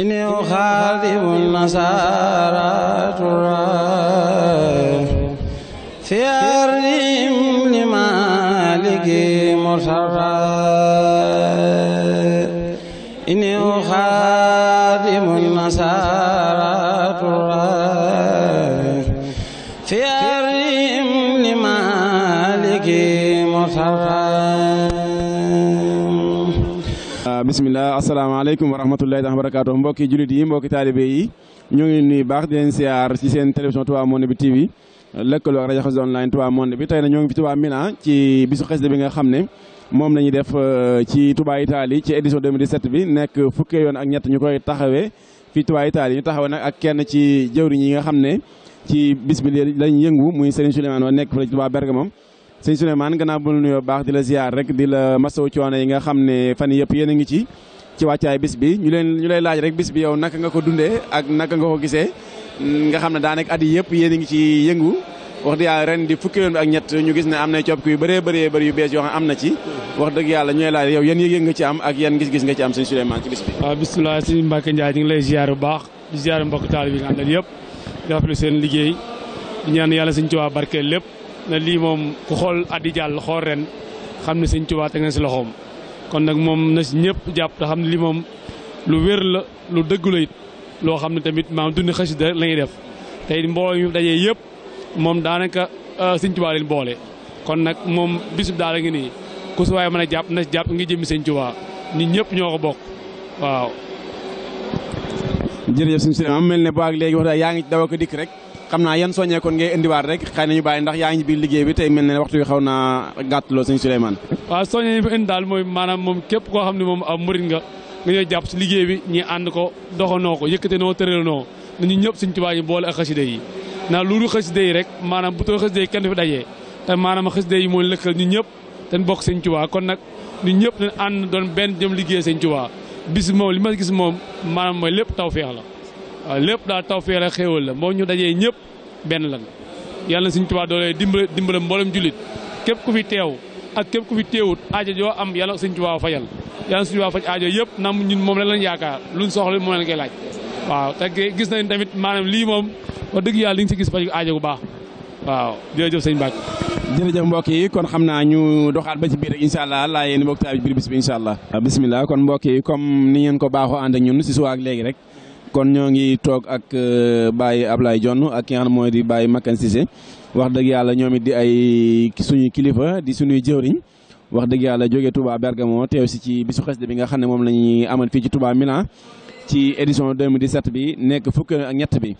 إني أخاذب النصارى ترى في أرضهم لمالك مرسرى بسم الله السلام عليكم ورحمة الله وبركاته مبكي جلدي مبكي تاليبي نيوني باخدين سيار سيسين تلفزيون توا موني بي تي في لكل وراجع خز أونلاين توا موني بي تاني نيوني بتوا مينا كي بيسو خز دبينا خامنئ مم لني دف كي توا إيطالي كي إديسون 2007 بي نك فكيون أغنيات نيوكو يتحوى في توا إيطالي يتحوى نك أكيان كي جوري خامنئ كي بسم الله لين ينغو مين سرنشلي مانو نك فلج توا sëñ Souleymane gannaaw bu nuyoo baax di la ziar rek di la masawu coono yi nga xam ne fan yëpp yéen ngi ci ci wàccaay bis bi ñu leen ñu lay laaj rek bis bi yow naka nga ko dundee ak naka nga ko gisee nga xam ne daanaka at yii yëpp yéen a ngi ci yëngu wax di yàlla ren di fukki yoon ak ñett ñu gis ne am na coppite yu bëree bëree bëri yu bees yoo xam am na ci wax dëgg yàlla ñu lay laaj yow yan yëg nga ci am ak yan gis-gis nga ci am sëñ Souleymane ci bis b waaw bisimilah sëñ Mbacke Ndiaye ñu bu baax di ziar mbokk taal yëpp seen liggéey ñaan yàlla sëñ Tuubaa barkeel lépp na lii moom ku xool addi jàll xool ren xam ne sëñ Tuubaa teg na si loxoom kon nag moom na si ñëpp jàpp te xam ne lii moom lu wér la lu dëggu la loo xam ne tamit maam dundi xasida la ñuy def tey mbooloo mi dajee yëpp moom daanaka euh, sëñ Tuubaa leen boole kon nag moom bisub daal a ngi nii ku si waaye mën a jàpp na si jàpp ngi jëmmi sëñ Tuubaa nit ñëpp ñoo ko bokk waaw jërëjëf suñu sëriñ am mel ne boo ak léegi wax yaa ngi daw ko dikk rek xam naa yan soññee kon ngay indiwaat rek xëy na ñu bàyyi ndax yaa ngi biir liggéey bi tey mel ne waxtu wi xaw naa gàttaloo sëñ Souleymane. waaw soññee yi mu indi daal mooy maanaam moom képp koo xam ne moom ab murit nga nga ñëw jàpp si liggéey bi ñi ànd ko doxanoo ko yëkkate noo tëral noo nañu ñëpp sëñ Tuubaa ñu boole ak xasida yi ndax loolu xasida yi rek maanaam bu too xasida yi kenn du fi dajee te maanaam xasida yi mooy lëkkal ñu ñëpp dañ bokk sëñ Tuubaa kon nag ñëpp dañ doon benn jëm liggéey sëñ Tuubaa bis moom li ma gis moom maanaam mooy lépp tawfeex la waa lépp daal taw la xéewal la moo ñu dajee ñëpp benn lan yàlla na suñu Tuubaa doole dimbale dimbale mboolem jullit képp ku fi teew ak képp ku fi teewut aajo joo am yàlla suñu Tuubaa fajal yàlla suñu Tuubaa faj aajo yëpp nam ñun moom la lañ yaakaar luñ soxla moom lañ koy laaj waaw te gis nañ tamit maanaam lii moom wax dëgg yàlla li nga si gis faj aajo bu baax waaw jërëjëf sëñ Mbacke jërëjëf mbokk yi kon xam naa ñu doxaat ba ci biir rek incha allah laa kon mbokk yi comme ni ngeen ko baaxoo ànd ak ñun si suwaak léegi rek kon ñoo ngi toog ak euh, Baye Ablaye Jonn ak ki nga xam mooy di Baye Makan Cissé wax dëgg yàlla ñoom it di ay suñuy kilifa di suñuy jëwriñ wax dëgg yàlla jógee Touba Bergamo teew si ci bisu xasida bi nga xam ne moom la ñuy amal fii ci Touba Milan ci édition 2017 bi nekk fukk ak ñett bi.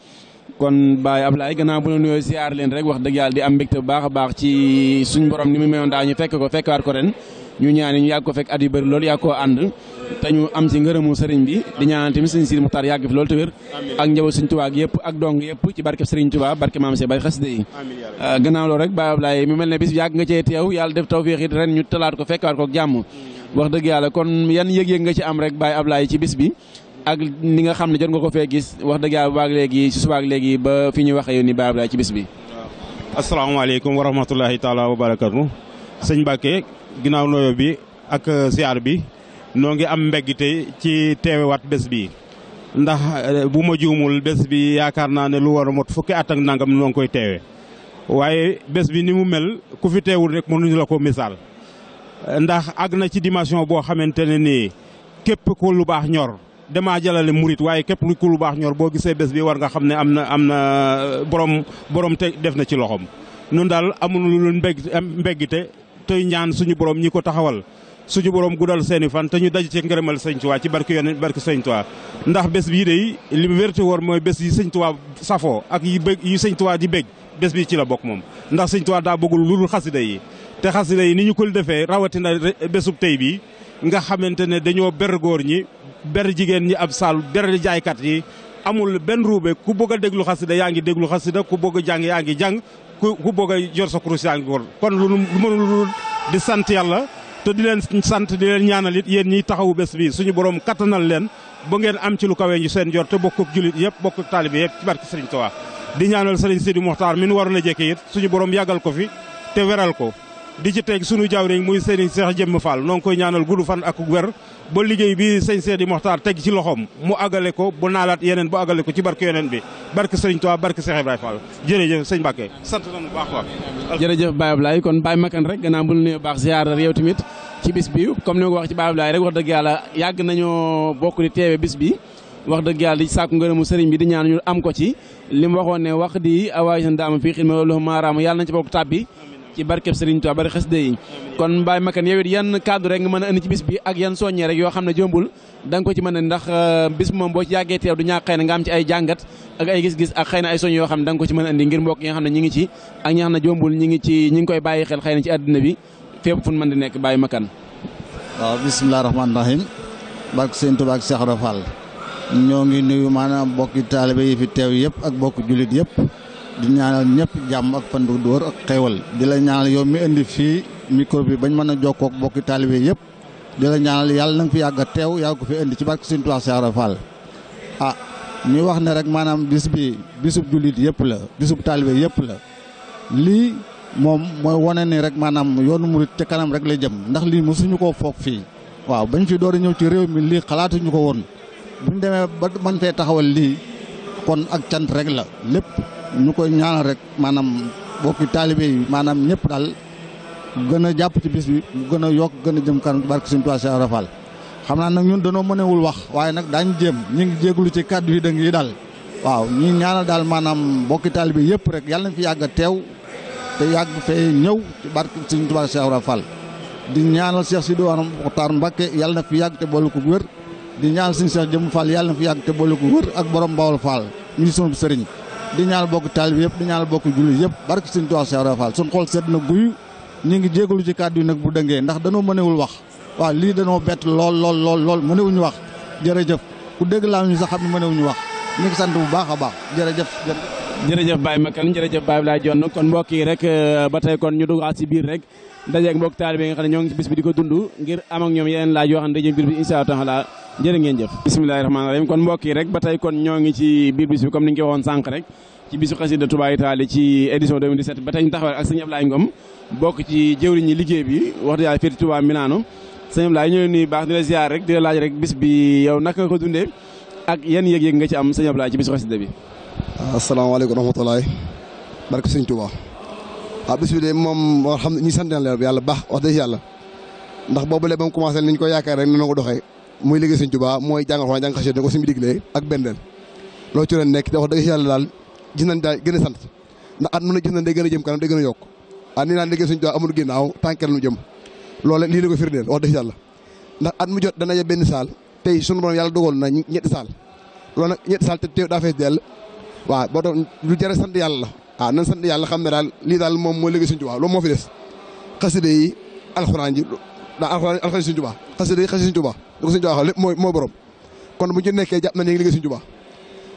kon Baye Ablaye gannaaw bu la nuyoo siyaar leen rek wax dëgg yàlla di am mbégte bu baax a baax ci suñu borom ni mu mayoon daa ñu fekk ko fekkaat ko ren. ñu ñaani ñu yag ko fek at yu bëri loolu yàgg koo te ñu am ci ngërëmu sëriñ bi di ñaanal tamit sëriñ Sidi Muxtaar yag fi lool te wér ak njaboot sëriñ ak yëpp ak dong ci sëriñ tuba barke maam see bay xasida yi ah, gannaaw loolu rek Baye Ablaye mi melne bis yag nga cee teew yalla def tawfiq it ren ñu talaat ko fekkaat ko jamm wax dëgg yalla kon yan yeg yeg nga ci am rek Baye Ablaye ci bis bi ak ni nga xam jot nga ko fe gis wax dëgg yalla baag ci suba ak ba fi ñu waxee ni Baye Ablaye ci bis bi alaykum wa rahmatullahi taala wa barakatuh sëñ ginnaaw noyo bi ak euh, ziar bi noo ngi am mbeggite ci teewewaat bés bi ndax euh, bu ma juumul bés bi yaakaar naa ne lu war mot fukki at ak nangam noo koy teewe waaye bés bi ni mu mel ku fi teewul rek mënuñu la ko misaal ndax àgg na ci dimension boo xamante ne nii képp ku lu baax ñor demaa jalale murit waaye képp ku lu baax ñor boo gisee bés bi war nga xam ne am na am na borom boroom te def na ci loxoom. nun daal amuñu lu mbég mbeggite tey ñaan suñu borom ñi ko taxawal suñu borom guddal seeni fan te ñu daj ci ngërëmal sëñ Tuubaa ci barke yoon barke sëñ Tuubaa ndax bés bii day li wérte woor mooy bés yi sëñ Tuubaa safoo ak yi bëgg yi sëñ Tuubaa di bëgg bés bi ci la bokk moom ndax sëñ Tuubaa daa bëggul lu dul xasida yi te xasida yi ni ñu ko defee rawatina bésub tey bii nga xamante ne dañoo ber góor ñi ber jigéen ñi ab saal ber jaaykat yi amul benn ruube ku bëgg a déglu xasida yaa ngi déglu xasida ku bëgg a jàng yaa ngi jàng ku ku bëgg a yor sa kurus yaa ngi góor kon lu mënul di sant yàlla te di leen sant di leen ñaanal it yéen ñiy taxawu bés bi suñu borom kattanal leen ba ngeen am ci lu kawe ñu seen jor te bokk ak julit yëpp bokk ak taalibe yëpp ci barke Serigne Touba di ñaanal Serigne Sidi Mokhtar min waroon a jékki suñu borom yàggal ko fi te weral ko di ci teg suñu jawriñ muy Serigne Cheikh Jëmm Fall noo ngi koy ñaanal gudd fan ak wér ba liggéey bi sëñ Seydi Moxtaar teg ci loxoom mu àggale ko bu naalaat yeneen bu àggale ko ci barke yeneen bi barke sëriñ Tuubaa barke Cheikh Ibrahima Fall jërëjëf sëñ Mbàkke sant nañu bu baax baax jërëjëf Baye Ablaye kon Baye Makan rek gannaaw bu nuyoo baax ziarar yow tamit ci bis bi comme ni ma wax ci Baye Ablaye rek wax dëgg yàlla yàgg nañoo bokk di teewe bis bi wax dëgg yàlla di sàkku ngërëmu sëriñ bi di ñaan ñu am ko ci li mu waxoon ne wax di awaayi san daama fii xidma loolu maaraama yàlla nañ ci bokk ci barkeb Serigne Touba bari xasida yi kon Baye Makan yewit yan cadre rek nga meuna andi ci bis bi ak yan soñe rek yo xamne jombul dang ko ci meuna ndax euh, bis mom bo ci yagge teew du ñàkk xeyna nga am ci ay jangat ak ay gis-gis ak xeyna ay soñe yo xamne dang ko ci meuna a ngir mbok yi nga xamne ñi ngi ci ak ñi xamne jombul ñi ngi ci ñi ngi koy bayyi xel xeyna ci aduna bi fepp fu meun di nek Baye Makan wa bisimilah rahmaani rahim barke Serigne Touba ak Cheikh rafal ñoo ngi nuyu manam bokki taalibe yi fi teew yep ak bokk julit yep di ñaanal ñepp jàmm ak fandu door ak xewal di la ñaanal yow mi indi fi micro bi bañ mëna jokk ak bokki talibé yépp di la ñaanal yalla nang fi yàgg tew teew ko fi indi ci barke sin Tuubaa Saara rafal ah ñi wax ne rek manam bis bi bisub julit yépp la bisub talibé yépp la li mom moy woné ni rek manam yoonu murit ci kanam rek la jëm ndax ko fokk fi waaw bañ fi door ñew ci rew mi li xalaatuñu ko won buñ démé ba mën taxawal li kon ak cant rek la lepp ñu koy ñaanal rek maanaam bokki taalibe yi maanaam ñëpp daal gën a jàpp ci bis bi gën a yokk gën a jëm kanam barke suñu Tuubaa Cheikh Rafal xam naa nag ñun danoo mënewul wax waaye nag daañ jéem ñu ngi jéeglu ci kàddu yi dëng yi daal waaw ñi ñaanal daal maanaam bokki taalibe yëpp rek yàlla nañ fi yàgg a teew te yàgg fee ñëw ci barke suñu Tuubaa Cheikh Rafal di ñaanal Cheikh Sidi yàlla na yàgg te boole ko wér di ñaanal suñu Cheikh Jëmm Fall yàlla na fi yàgg te boole ko wér ak borom Bawol Fall ñu sunu sëriñ di ñaal bokk taalib yëpp di ñaan bokk jullit yëpp barke Sëñ Tuubaa Cheikh Ibra Fall suñ xol na guy ñu ngi jégalu ci kàddu yi nag bu dëngee ndax danoo mënewul wax waa lii danoo bett lool lool lool lool mënewuñu wax jërëjëf ku dégg laa ñu sax xam ne mënewuñu wax ñu ngi sant bu baax a baax jërëjëf jërëjëf jërëjëf Baye Makan jërëjëf Baye Abdoulaye Dione kon mbokk yi rek euh, ba tey kon ñu duggaat si biir rek dajeeg mbokk taalibe yi nga xam ne ñoo ngi ci bis bi di ko dund ngir am ak ñoom yeneen laaj yoo xam ne dañuy biir bi incha allah taala jërë ngeen rek ba tey kon ñoo ngi ci biir bi comme ni ñu ko waxoon sànq rek ci bisu xasida Touba Italie ci ba tey ñu taxawal ak sëñ Ablaye Ngom bokk ci jëwriñi liggéey bi wax dëgg yàlla fii Touba Milano sëñ Ablaye ñoo nuyu baax di la ziar rek bi yow naka ko dundee ak yan yëg-yëg nga ci am sëñ Ablaye ci bisu xasida bi asalaamaaleykum wa rahmatulaay barke sëñ Tuubaa waaw ah, bis bi de moom wax xam ñu sant yàlla yàlla baax wax dëgg yàlla ndax boobu le ba mu commencé ni ñu ko yaakaar rek ni na ko doxee muy liggéey sëñ Tuubaa mooy jàngal xoolaan jàng xasee ne ko suñu diglee ak bendel loolu ci leen nekk da wax daal gis nañ daal gën a sant ndax at mën a gis nañ day gën jëm kanam day gën yokk ah nii naan liggéey ginnaaw tànkeel nu jëm loolu lii ko firndeel wax dëgg yàlla ndax at mu jot dana benn saal tey sunu borom yàlla dogal na ñetti saal loolu nag ñetti saal te daa fees dell waaw boo doon lu jërë sant yàlla la waaw nan sant yàlla xam ne daal lii daal moom moo léegi suñu Tuubaa loolu moo fi des xasida yi alxuraan ji daa alxuraan alxuraan suñu Tuubaa xasida yi xasida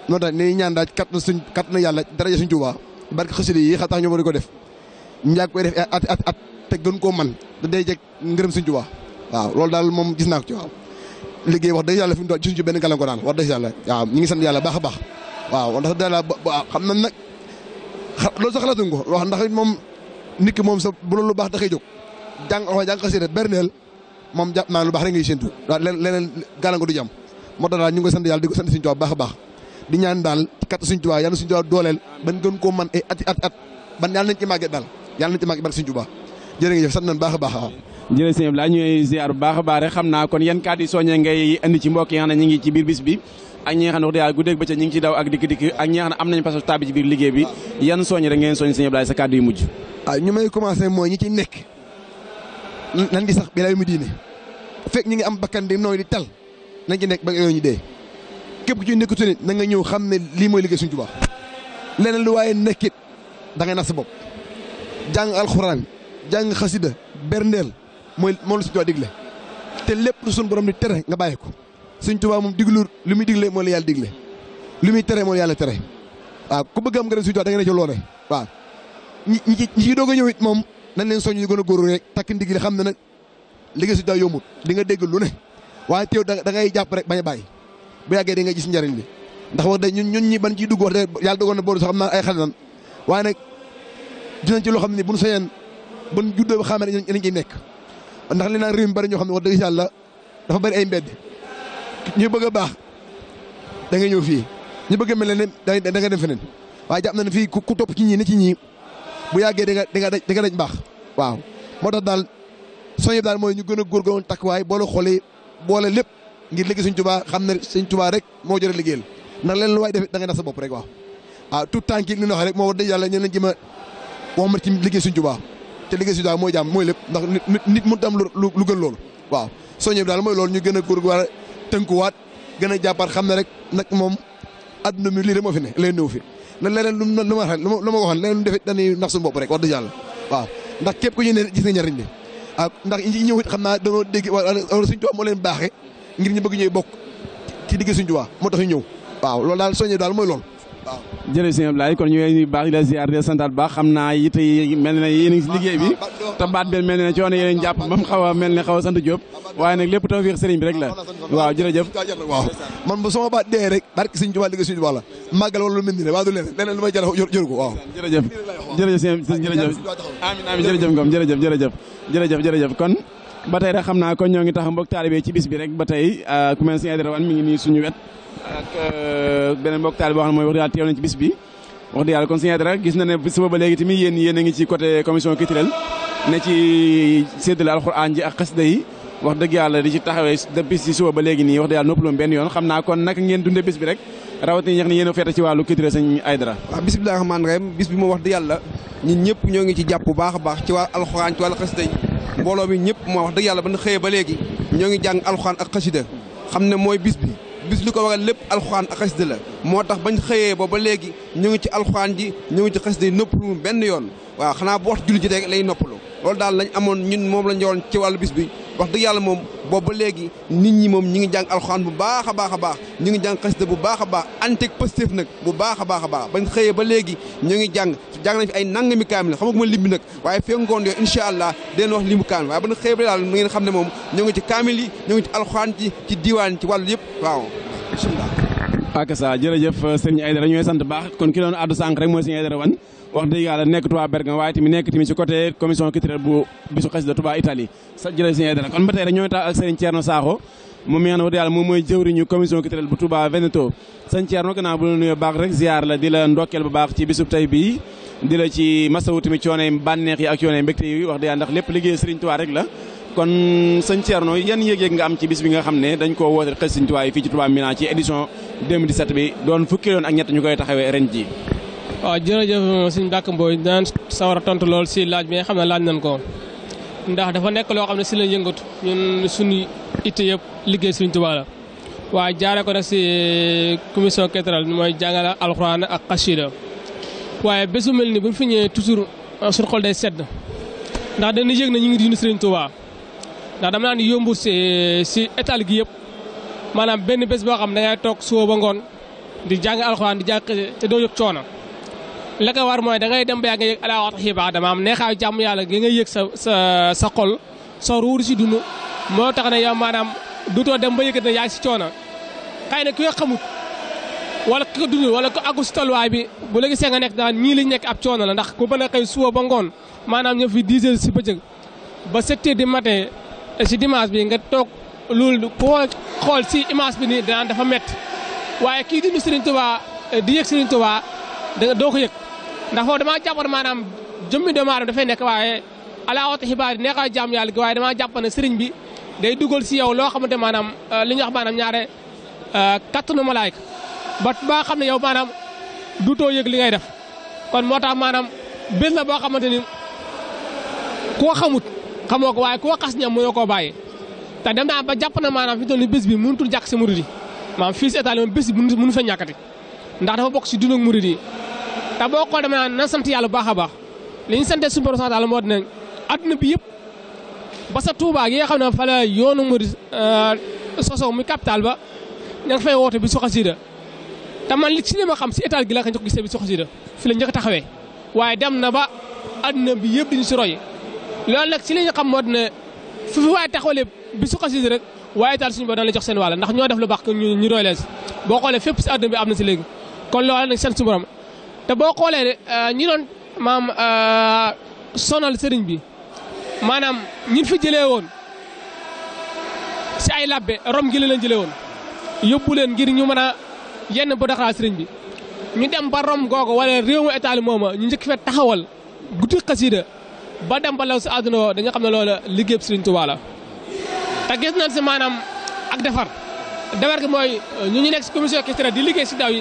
noonu tax ni ñaan daal kat na suñ kat na yàlla daraja suñu Tuubaa barke xasida yi xam tax ñoo ko def ñu koy def at te gën koo man da day jeg ngërëm suñu Tuubaa waaw loolu daal moom gis naa ko ci wax dëgg yàlla fi mu toll gisuñ ci benn gàllankoor daal wax dëgg yàlla waaw ñu ngi sant yàlla baax a baax waaw ndax Dalla xam nañ nak lo sax la dungo wax ndax mom nit ki mom sa bu lu bax da koy jóg jàng wax jàng rek bernel mom jàpp na lu bax rek ngay sentu daal leneen gàllankoor du jam mo dara ñu ngi sant yalla di ko sant Sëriñ Tuubaa baax a baax di ñaan dal kat Sëriñ Tuubaa yalla Sëriñ Tuubaa dolel ban gën ko man ay ati at at ban yalla nañ ci magge dal yalla nañ ci magge bar Sëriñ Tuubaa jere ngeen jëf sant nañ baax a baax waaw jërëjëf sëñ Abdoulaye ziar bu baax baax rek xamna kon yeen kaddi soñe ngay andi ci mbokk yi ñi ngi ci bir bis bi ak ñi nga xam ne wax dëgg yàlla guddeeg bëccëg ñi ngi daw ak dikk dikk ak ñi am nañ pas tàbbi ci biir liggéey bi yan soññ rek ngeen soññ sëñ Abdoulaye sa kàddu mujj ah, ñu may commencé mooy ñi ci nekk nan di sax bi lay mu diine fekk ñu ngi am bakkan di nooy di tal nañ ci nekk ba yooyu ñu dee képp ku ci nekkutu nit na ñëw xam ne lii mooy liggéey suñu Tuubaa leneen lu waaye nekkit da ngay nax sa bopp jàng alxuraan jàng xasida berndeel mooy moom la suñu Tuubaa digle te lépp lu suñu borom di tere nga bàyyi ko Sëñ Tuubaa moom diglu lu muy digle moo la yàlla digle lu muy tere moo la yàlla tere waaw ku bëgg am ngërëm Sëñ Tuubaa da nga ne ci loole waaw ñi ñi ci doog a ñëw it moom nañ leen soññ yu gën a góor rek takk ndigli xam ne nag liggéey Sëñ Tuubaa yombut di nga dégg lu ne waaye teew da ngay jàpp rek bañ a bàyyi bu yàggee di nga gis njariñ li ndax wax dëgg ñun ñun ñi ban ciy dugg wax dëgg yàlla dogoon na booru sax xam naa ay xale nan waaye nag dinañ ci loo xam ne buñ sañeen buñ juddoo ba xamee nañ ciy nekk ndax li naan réew mi ñoo xam ne wax dëgg yàlla dafa bari ay mbedd ñu bëgg a baax da ngay ñëw fii ñu bëgg a mel ne da nga dem feneen waaye jàpp na ne fii ku topp ci ñii ne ci ñii bu yàggee da nga da nga da nga baax waaw. moo tax daal soo yëpp daal mooy ñu gën a góorgóorlu takkuwaay boole xoolee boole lépp ngir liggéey Sëñ Tuubaa xam ne Sëñ Tuubaa rek moo jëre liggéeyal ndax leen lu waay def da ngay nax sa bopp rek waaw. ah tout temps ki li ñu wax rek moo war de yàlla ñu leen jëma wax ma ci liggéey Sëñ Tuubaa te liggéey Sëñ Tuubaa mooy jàmm mooy lépp ndax nit nit mënut am lu gën loolu waaw soo ñëwee daal mooy loolu ñu gën a góorgóorlu tënkuwaat gën a jàppaat xam ne rek nag moom adduna mi lii rek moo fi ne lay néew fi na leneen lu ma lu ma waxoon leneen lu defit dañuy nax suñu bopp rek wax dëgg yàlla waaw ndax képp ku ñu ne gis nga njariñ bi ah ndax ñi ñëw it xam naa dañoo dégg wala suñ tuwaa moo leen baaxee ngir ñu bëgg ñuy bokk ci dégg suñ tuwaa moo tax ñëw waaw loolu daal soññee daal mooy lool waaw jërëjëf la ziar di la santaat baax xam naa it mel na yéen a ngi si bi te baat bi mel na ci woon a jàpp ba mu xaw a mel ne xaw a sant Diop waaye nag lépp tawfeex sëriñ bi rek la waaw jërëjëf waaw man bu sama baat dee rek jërëjëf jërëjëf sëñ kon ba tey rek xam naa kon ñoo ngi tax mbokk taalibe ci bis bi rek ba tey ah, ku mel si Aïdara Wane mi ngi nii suñu wet ak euh, beneen mbokk taal boo xam ne mooy wax dëgg yàlla teew nañ ci bis bi wax dëgg yàlla kon sëñ Aïdara gis na ne suba ba léegi tamit yéen yéen ngi ci côté commission culturelle ne ci séddale alxuraan ji ak xasida yi wax dëgg yàlla di ci taxawee depuis si suba ba léegi nii wax dëgg yàlla noppaloon benn yoon xam naa kon naka ngeen dundee bis bi rek rawatina ñax ni yéen wàllu culturel sëñ Aïdara waaw bi moom wax dëgg yàlla ñoo ngi ci jàpp bu baax a baax ci wàllu alxuraan ci wàllu xasida yi mbooloo mi ñëpp moo wax dëgg yàlla ba xëyee ba léegi ñoo ngi jàng alxuraan ak xasida xam ne mooy bis bis li ko waral lépp la moo tax bañ xëyee ba ba léegi ñu ngi ci alxuraan ji ñu ngi ci xasida yi noppalu benn yoon waaw xanaa bu waxtu julli ji rek lay noppalu loolu daal lañ amoon ñun moom lañ yoroon ci wàllu bis bi wax dëgg moom boobu ba léegi nit ñi moom ñu ngi jàng alxuraan bu baax a baax a baax ñu ngi jàng xasida bu baax a baax antek positif nag bu baax a baax a baax bañ xëyee ba léegi ñu ngi jàng jàng nañ fi ay nangami kaamil xam nga ma lim bi nag waaye fee ngoon incha allah dinañ wax limu kaamil waaye bañ xëyee ba daal ngeen xam ne moom ñu ngi ci kaamil yi ñu ngi ci alxuraan ci diiwaan ci wàllu yëpp waaw bisimilah ak sa jërëjëf sëriñ Aydara ñooy sant baax kon ki doon àddu sànq rek mooy sëriñ Aydara wan wax dëgg yàlla nekk Touba Bergamo waaye tamit nekk tamit ci côté commission culturelle bu bisu xasida Touba Italie sa jërëjëf sëñ Aidara kon ba tey rek ñoo taal ak ne wax dëgg yàlla moom mooy jëwriñu commission am ci bi nga xam ne dañ koo woote xasida sëriñ Touba yi doon ak ñett ñu koy taxawee ren ji waaw jërëjëf sëñ Mbacke Mboy daan sawar a tontu lool si laaj bi nga xam ne laaj nañ ko ndax dafa nekk loo xam ne si la yëngatu ñun suñu itte yëpp liggéey Sëriñ Tuubaa la waaye jaare ko nag si eh, commission culturelle mooy jàngale alxuraan ak xasida waaye bésu mel ni bu fi ñëwee toujours ah, suñu xol day sedd ndax dañuy yëg ne ñu ngi dund Sëriñ Tuubaa ndax dama naan yombu si eh, si étal gi yëpp maanaam benn bés boo xam da toog suba ngoon di jàng alxuraan te doo yëg coono. la ko war mooy da ngay dem ba nga yëg alaa waxta xibaar dama am neexaayu jàmm yàlla gi nga yëg sa sa sa xol sa ruur si dund moo tax ne yow maanaam dutoo dem ba yëkkat ne yaa ngi si coono xëy na ki nga wala ki dund wala ko àggu si tolluwaay bi bu la gisee nga daan ñii li nekk ab la ndax ku mën a xëy suba ba ngoon maanaam ñëw fi 10 heures si ba 7 heures du matin si dimanche bi nga toog loolu koo xool si image bi nii danaan dafa métti waaye kii dund Serigne Touba di yëg Serigne Touba doo ko yëg. ndax foofu damaa jàppoon maanaam jëmmi doomu aadama dafay nekk waaye alaa wata xibaar yi neexaa jàmm yàlla gi waaye dama jàpp ne sëriñ bi day dugal si yow loo xamante maanaam euh, li ñu wax maanaam ñaare euh, kattanu malaayka ba ba xam ne yow maanaam duutoo yëg li ngay def kon moo tax maanaam bés la boo xamante ni koo xamut xamoo ko waaye koo xas ñam mënoo koo bàyyi te dem naa ba jàpp na maanaam fi mu bés bi mënutul jàkk si murid yi maanaam fii si état li moom bés ndax dafa bokk si dund ak yi te boo xoolee dama naan na sant yàlla baax a baax li ñu sante suñu borom sax daal moo dinañ adduna bi yëpp ba sa Touba gi nga xam ne fa la yoonu Murid euh, sosoo muy capital ba ña nga fay woote bi su xasida te man li ci li ma xam si état gi la ko njëkk gisee bi su xasida fi la njëkk taxawee waaye dem na ba adduna bi yëpp diñu si roy loolu nag ci li ñu xam moo dina fi fi waaye taxawale bi su xasida rek waaye taal suñu borom la jox seen wàll ndax ñoo def lu baax ñu ñu roy leen si boo xoolee fépp si adduna am na si léegi te boo xoolee euh, ñi doon maam euh, sonal sëriñ bi maanaam ñi fi jële woon si ay labbe rom gi la leen jëlee woon yóbbu leen ngir ñu mën a yenn bu daxaa sëriñ bi ñu dem ba rom googu wala réew mu état mooma ñu njëkk fee taxawal guddi xasida ba dem ba law si àdduna woo dañu xam ne loolu liggéeyub sëriñ Tuubaa la te gis nañ si maanaam ak defar defar gi mooy ñu ñu nekk si commission culturelle di liggéey si daw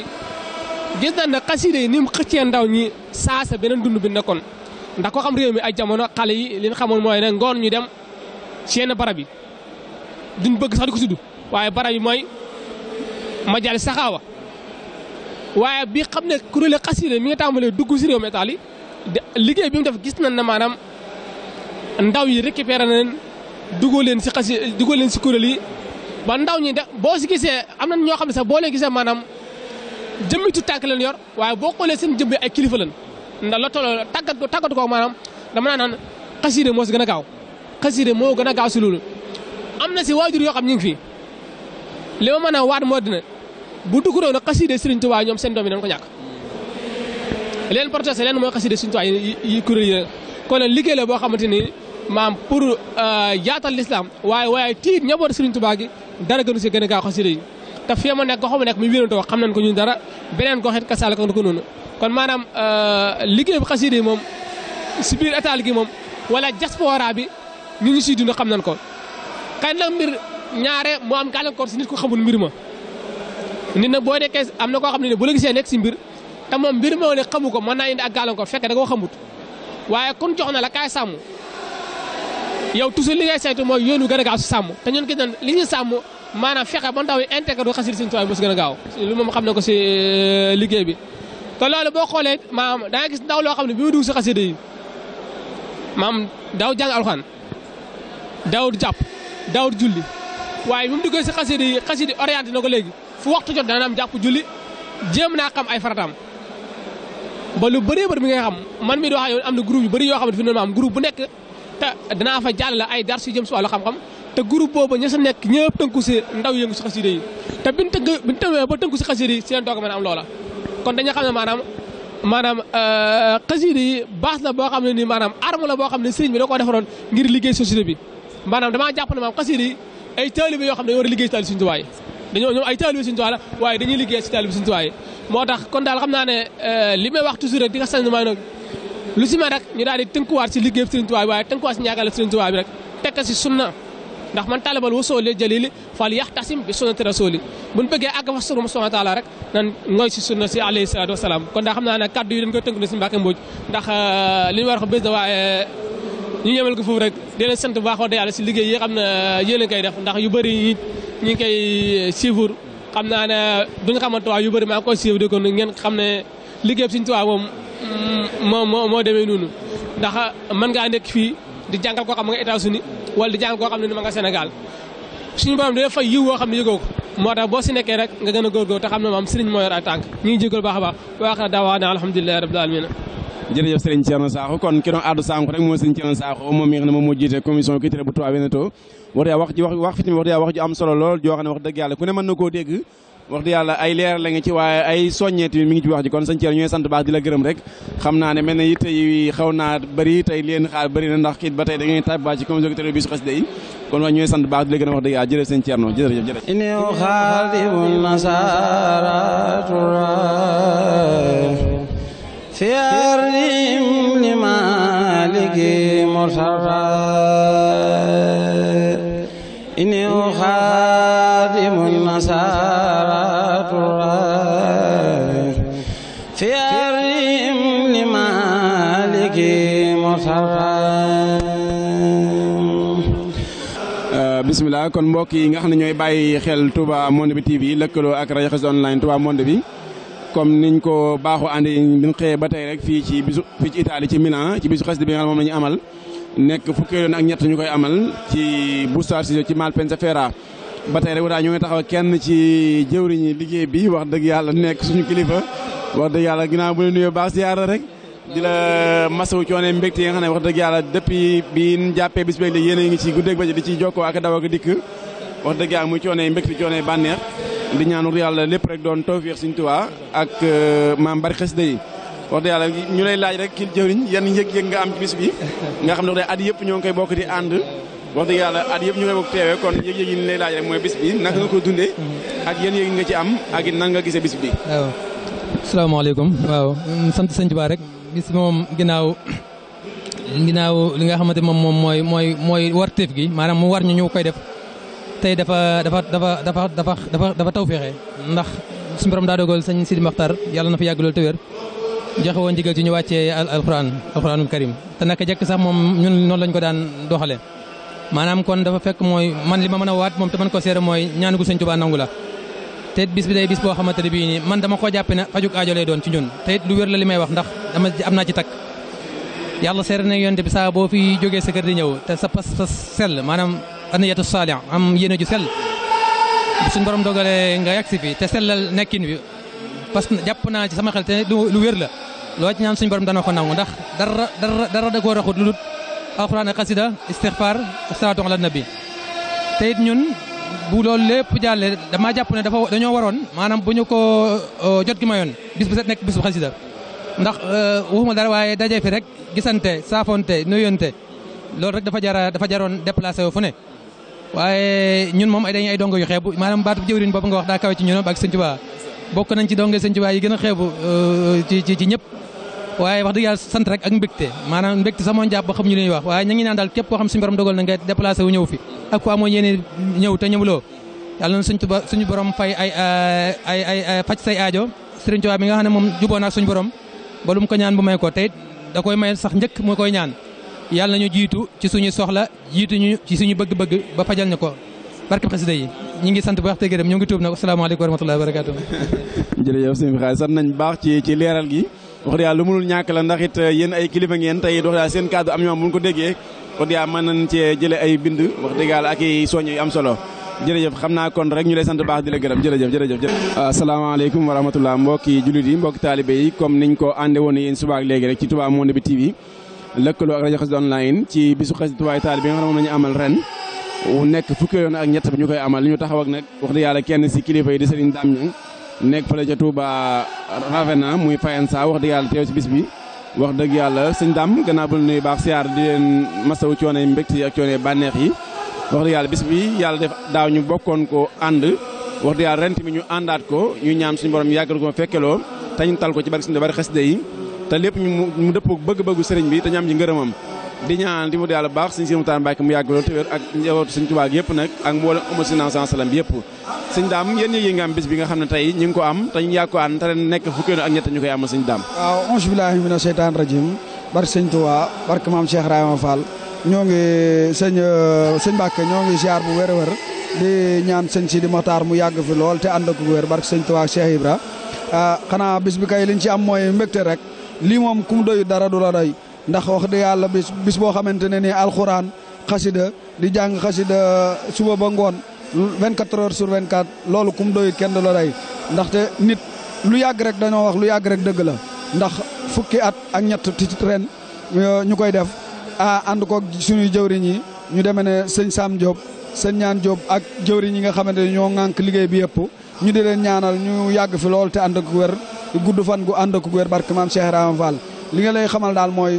gis nañ ne xasida yi ni mu xëccee ndaw ñi saasa beneen dund bi nekkoon ndax ko xam réew mi ay jamono xale yi li ñu xamoon mooy ne ngoon ñu dem ci yenn barab yi duñ bëgg sax di ko tudd waaye barab yi mooy majaal saxaawa waaye bi xam ne kuréel xasida mi nga tàmbalee dugg si réew mi liggéey bi mu def gis nañ ne maanam ndaw yi récupéré na leen duggoo leen si xasi duggoo leen si kuréel yi ba ndaw ñi de boo si gisee am na ñoo xam ne sax boo leen gisee maanaam. jëmmi tu tànk leen yor waaye boo xoolee seen jëmbi ay kilifa leen ndax la tolloo tàggat tàggatu ko maanaam dama naan xasiide moo si gën a gaaw xasiide moo gën a gaaw si am na si waajur yoo xam ñu ngi fi li ma mën a waat moo dina bu duggoon a xasiide Sëriñ Tuubaa ñoom seen doom yi dañ ko ñàkk. leen protesté leen mooy xasiide Sëriñ Tuubaa yi yi kuréel yi kon nag liggéey la boo xamante ni maam pour euh, yaatal lislaam waaye waaye tiit ñaboot Sëriñ Tuubaa gi dara gënu si gën a gaaw xasiide yi te fii ma nekk gox nekk muy wéranto xam nañ ko ñun dara beneen gox kasaal ko ko noonu kon maanaam euh, liggéey bu xasida yi moom si biir état gi moom wala diaspora bi ñu ngi siy dund xam nañ ko xëy na mbir ñaare moo am gàllankoor si nit ko xamul mbir ma nit na boo nekkee am na koo xam ne bu la gisee nekk si mbir te moom mbir moo ne xamu ko mën naa indi ak gàllankoor fekk da koo xamut waaye kun jox na la kaay sàmm yow toujours li ngay saytu mooy a gaaw si sàmm li maanaam fexe ba ndaw yi intégré du xasida Sëriñ Tuubaa bi mos gën a gaaw lu moom xam na ko si euh, liggéey bi te loolu boo xoolee maam da nga gis ndaw loo xam ne bi mu dugg si xasida yi maam daaw jàng alxuraan daawut jàpp daawut julli waaye bi mu duggee si xasida yi xasida yi na ko léegi fu waxtu am jàpp julli jéem naa xam ay farataam ba lu bëree bëri mi ngay xam man mi di wax yow am na groupe yu bëri yoo xam ne fi mu ne maam groupe bu nekk te danaa fa jàll la ay dars yu jëm si wàllu xam-xam te groupe bobu ña sa ñepp ñëpp tënku si ndaw yeengu ci xasida yi te biñ tënk biñ tënwee ba tënku si xasida yi ci doog dogu a am loola kon dañu xam manam manam euh xasida yi baas la bo xam ni manam arme la bo xam serigne bi da ko defaron ngir liggéey société bi manam dama japp ne manam xasida yi ay taalibe yo xam yo dañoo war a liggéey si taalibe suñu tuwaay dañoo ñoom ay taalibe serigne touba la waye dañuy liggéey ci taalibe serigne touba yi motax kon dal xamna naa ne euh, li may wax toujours rek di nga sañ maa nak lu ci ma rek ñu dal di tënkuwaat si liggéey sëriñ waye waaye war ci ñaagale serigne touba bi rek tekk ci sunna ndax man talabal wasoo le jalili fal yaxtasim bi sunnati rasuli buñ bëggee àgg fa sunu subhanahu wa taala rek nan ngooy si sunna si alayhi salaatu wasalaam kon daa xam naa ne kaddu yi dañ koy tënk ne ndax euh, a wax bés da waaye euh, foofu rek di leen sant bu baax wax si liggéey yi xam ne euh, yéen kay koy def ndax yu bëri ñi ngi koy suivre xam naa ne duñu xamante waa yu bëri maa ngi koy suivre di ko ngeen xam ne liggéey bi suñu tuwaa moom mm, moo moo moo demee noonu ndax mën ngaa nekk fii di jàngal koo xam ma nga États-Unis wala di jàngal koo xam ne ma nga Sénégal suñu borom day fay yiw woo xam ne yëgoo ko moo tax boo si rek nga gën a góorgóor te xam ne moom sëriñ moo yor ay tànk ñu ngi jégal baax a baax waaxara daawaana alhamdulilahi rabbil kon ki doon àddu sànq rek mooy sëriñ Thierno Sakho moom mi nga xam ne moom moo jiite commission culturelle bu Touba Veneto wax yaa wax ji wax wax fi tamit yaa wax ju am solo lool joo ne wax dëgg yàlla ku ne mën na koo dégg wax di yàlla ay leer la nga ci waaye ay soññeet mi mi ngi ci wax ji kon sëñ Thierno ñooy sant baax di la gërëm rek xam naa ne mel na yitte yi xaw naa bari tey leen xaar bëri na ndax kiit ba tey da ngeen tàbbaa ci comme jogitér bi su xas day kon wax ñooy sant baax di la gërëm wax dëgg yàlla jërëjëf bisimilah kon mbokk yi nga xam ne ñooy bàyyi xel Touba Monde bi TV lëkkaloo ak rajo online Touba Monde bi comme niñ ko baaxoo andi ñu xëyee ba tey rek fii ci bisu fii ci Italie ci Milan ci bisu xasida bi nga xam moom la ñu amal nekk fukki yoon ak ñett ñu koy amal ci Bustarcino ci Malpensaferra ba tey rek wala ñu ngi taxaw kenn ci jëwriñi liggéey bi wax dëgg yàlla nekk suñu kilifa wax dëgg yàlla ginnaaw bu ñu nuyoo baax ziyaara rek. dila masa masawu coone mbégte yi nga xam ne wax dëgg bin depuis bi ñu jàppee bis beeg léegi yéen a ngi ci guddeeg ba di ci jokkoo ak daw ak dikk wax dëgg yàlla muy coone mbégte coone bànneex di ñaanul yàlla lépp rek doon tawfiix ak euh, maam bari day yi wax dëgg yàlla ñu lay laaj rek kii jëriñ yan yëg-yëg nga am ci bi nga xam ne wax dëgg ñoo ngi koy bokk di andu wax dëgg yàlla at yëpp ñu koy bokk teewee kon yëg-yëg yi ñu lay laaj rek mooy bis bi nga ko dundee mm-hmm. ak yan yëg nga ci am ak nan nga gisee bis bi waaw salaamaaleykum waaw mm, sant sëñ rek gis mom ginaaw ginaaw li nga xamante mom moom moy moy mooy warteef gi manam mu war ñu ñu koy def tay dafa dafa dafa dafa dafa dafa dafa tawfexé ndax suñu borom da dogol sëñ Sidi makhtar yalla na fa yàgg loolu te wér joxe ci ñu wàccee alquran alquranul karim te naka jekk sax mom ñun non lañ ko daan doxale manam kon dafa fekk moy man li ma mëna wat mom moom te man ko séré moy ñaanu gu sëñ touba nangula te it bis bi day bis boo xamante bii nii man dama koo jàppe ne fajuk aajo lay doon ci ñun te lu wér la li may wax ndax dama am naa ci takk yàlla seere na yonte bi saa boo fi jógee sa kër di ñëw te sa pas sa sell maanaam aniyatu saalih am yéene ju sell suñ borom dogalee nga yegg si fi te sellal nekkin bi parce que jàpp naa ci sama xel te lu wér la loo ci ñaan suñ borom dana ko nangu ndax dara dara dara da koo raxut lu dul alxuraan ak xasida istixfaar salaatu ala nabi te it ñun bu loolu lépp jàllee dama jàpp ne dafa dañoo waroon maanaam bu ñu ko euh, jot gi mayoon bis bu set nekk bis bu xasida ndax euh, waxuma dara waaye daje fi rek gisante saafonte nuyonte loolu rek dafa jara dafa jaroon déplacé wu fu ne waaye ñun moom ay dañuy ay dongo yu xeebu maanaam baatu jëwriñ boobu nga wax daa kawe ci ñun ak Sëñ Tuubaa bokk nañ ci dongo Sëñ Tuubaa yi gën a xeebu euh, ci ci ci ñëpp waaye wax dëgg yàlla sant rek ak mbégte maanaam mbégte sax moo jàpp ba xam ñu ñuy wax waaye ñu ngi naan daal képp koo xam suñu borom dogal na nga déplacé wu ñëw fi ak ko amoon yéene ñëw te ñëwuloo yàlla na suñu borom fay ay ay ko ñaan bu may ko tey da koy may sax njëkk mu koy ñaan yàlla nañu jiitu ci suñu soxla jiitu ñu ci suñu bëgg-bëgg ba fajal ñu ko barke président yi ñu ngi sant bu baax te gërëm ñu ngi tuub nag asalaamaaleykum wa rahmatullahi wa barakatuh jërëjëf sëñ bi sant nañ baax ci ci leeral gi wax dëgg yàlla lu mënul ñàkk la ndax it eh, yéen ay kilifa ngeen tey wax dëgg seen kàddu am ñoom ko déggee wax dëgg yàlla mën nañ cee jële ay bind wax dëgg yàlla ak i soññ yu am solo jërëjëf xam naa kon rek ñu lay sant baax di la gërëm jërëjëf jërëjëf ah, asalaamaaleykum wa rahmatullah mbokki jullit yi mbokki taalibé yi comme niñ ko ànde woon yéen subaak léegi rek ci Touba Monde bi TV lëkkaloo ak rajo Xassida online ci bisu Xassida Touba taalibé yi nga xam moom lañu amal ren nekk fukki yoon ak ñett bi ñu koy amal ñu taxaw ak nag wax dëgg yàlla kenn si kilifa yi di Serigne Dame nekk fële ca Touba rafet na muy fayan saa wax dëgg yàlla teew ci bis bi wax dëgg yàlla sëñ Dame gannaaw bu nuyu baax siyaar di leen masawu coono yi mbégte yi ak coono yi bànneex yi wax dëgg yàlla bis bi yàlla def daaw ñu bokkoon ko ànd wax dëgg yàlla rent mi ñu àndaat ko ñu ñaam suñ borom yàggal ko fekkeloo tañ tal ko ci barke suñu bari xasida yi te lépp ñu mu dëppoo bëgg-bëggu sëriñ bi te ñaam ci ngërëmam di ñaan di mu yàlla baax suñ sëñ taan mbàkke mu yàgg loolu tëwér ak njabootu suñ tubaab yëpp nag ak mboolem amul suñ naan salam yëpp suñ daam yéen ñi nga bis bi nga xam ne tey ñu ngi ko am te ñu yàgg ko ànd te ren nekk fukkeenu ak ñett ñu koy amal suñ daam waaw onze billahi mina seytaan rajim bar sëñ Tuubaa bark maam Cheikh Rahima Fall ñoo ngi sëñ euh, sëñ Mbàkke ñoo ngi ziar bu wér a wér di ñaan sëñ Sidi Moxtaar mu yàgg fi lool te ànd ak wér bark sëñ Tuubaa Cheikh Ibra ah, xanaa bis bi kay liñ ci am mooy mbégte rek lii moom ku mu doyu dara du la doy ndax wax de yalla bis bis bo xamantene ni alquran khasida di jang khasida suba ba ngon 24 heures sur 24 lolou kum doy kenn du ray ndax te nit lu yag rek dañoo wax lu yag rek deug la ndax fukki at ak ñett ti ren ñukoy def a and ko suñu jëwriñ yi ñu demé ne seigne Sam job seigne ñaan job ak jëwriñ yi nga xamantene ño ngank ŋànk bi yepp ñu di len ñaanal ñu yag fi lolou te and ko wér guddu fan gu and ko wér barke maam Cheikh ramval li nga lay xamal daal mooy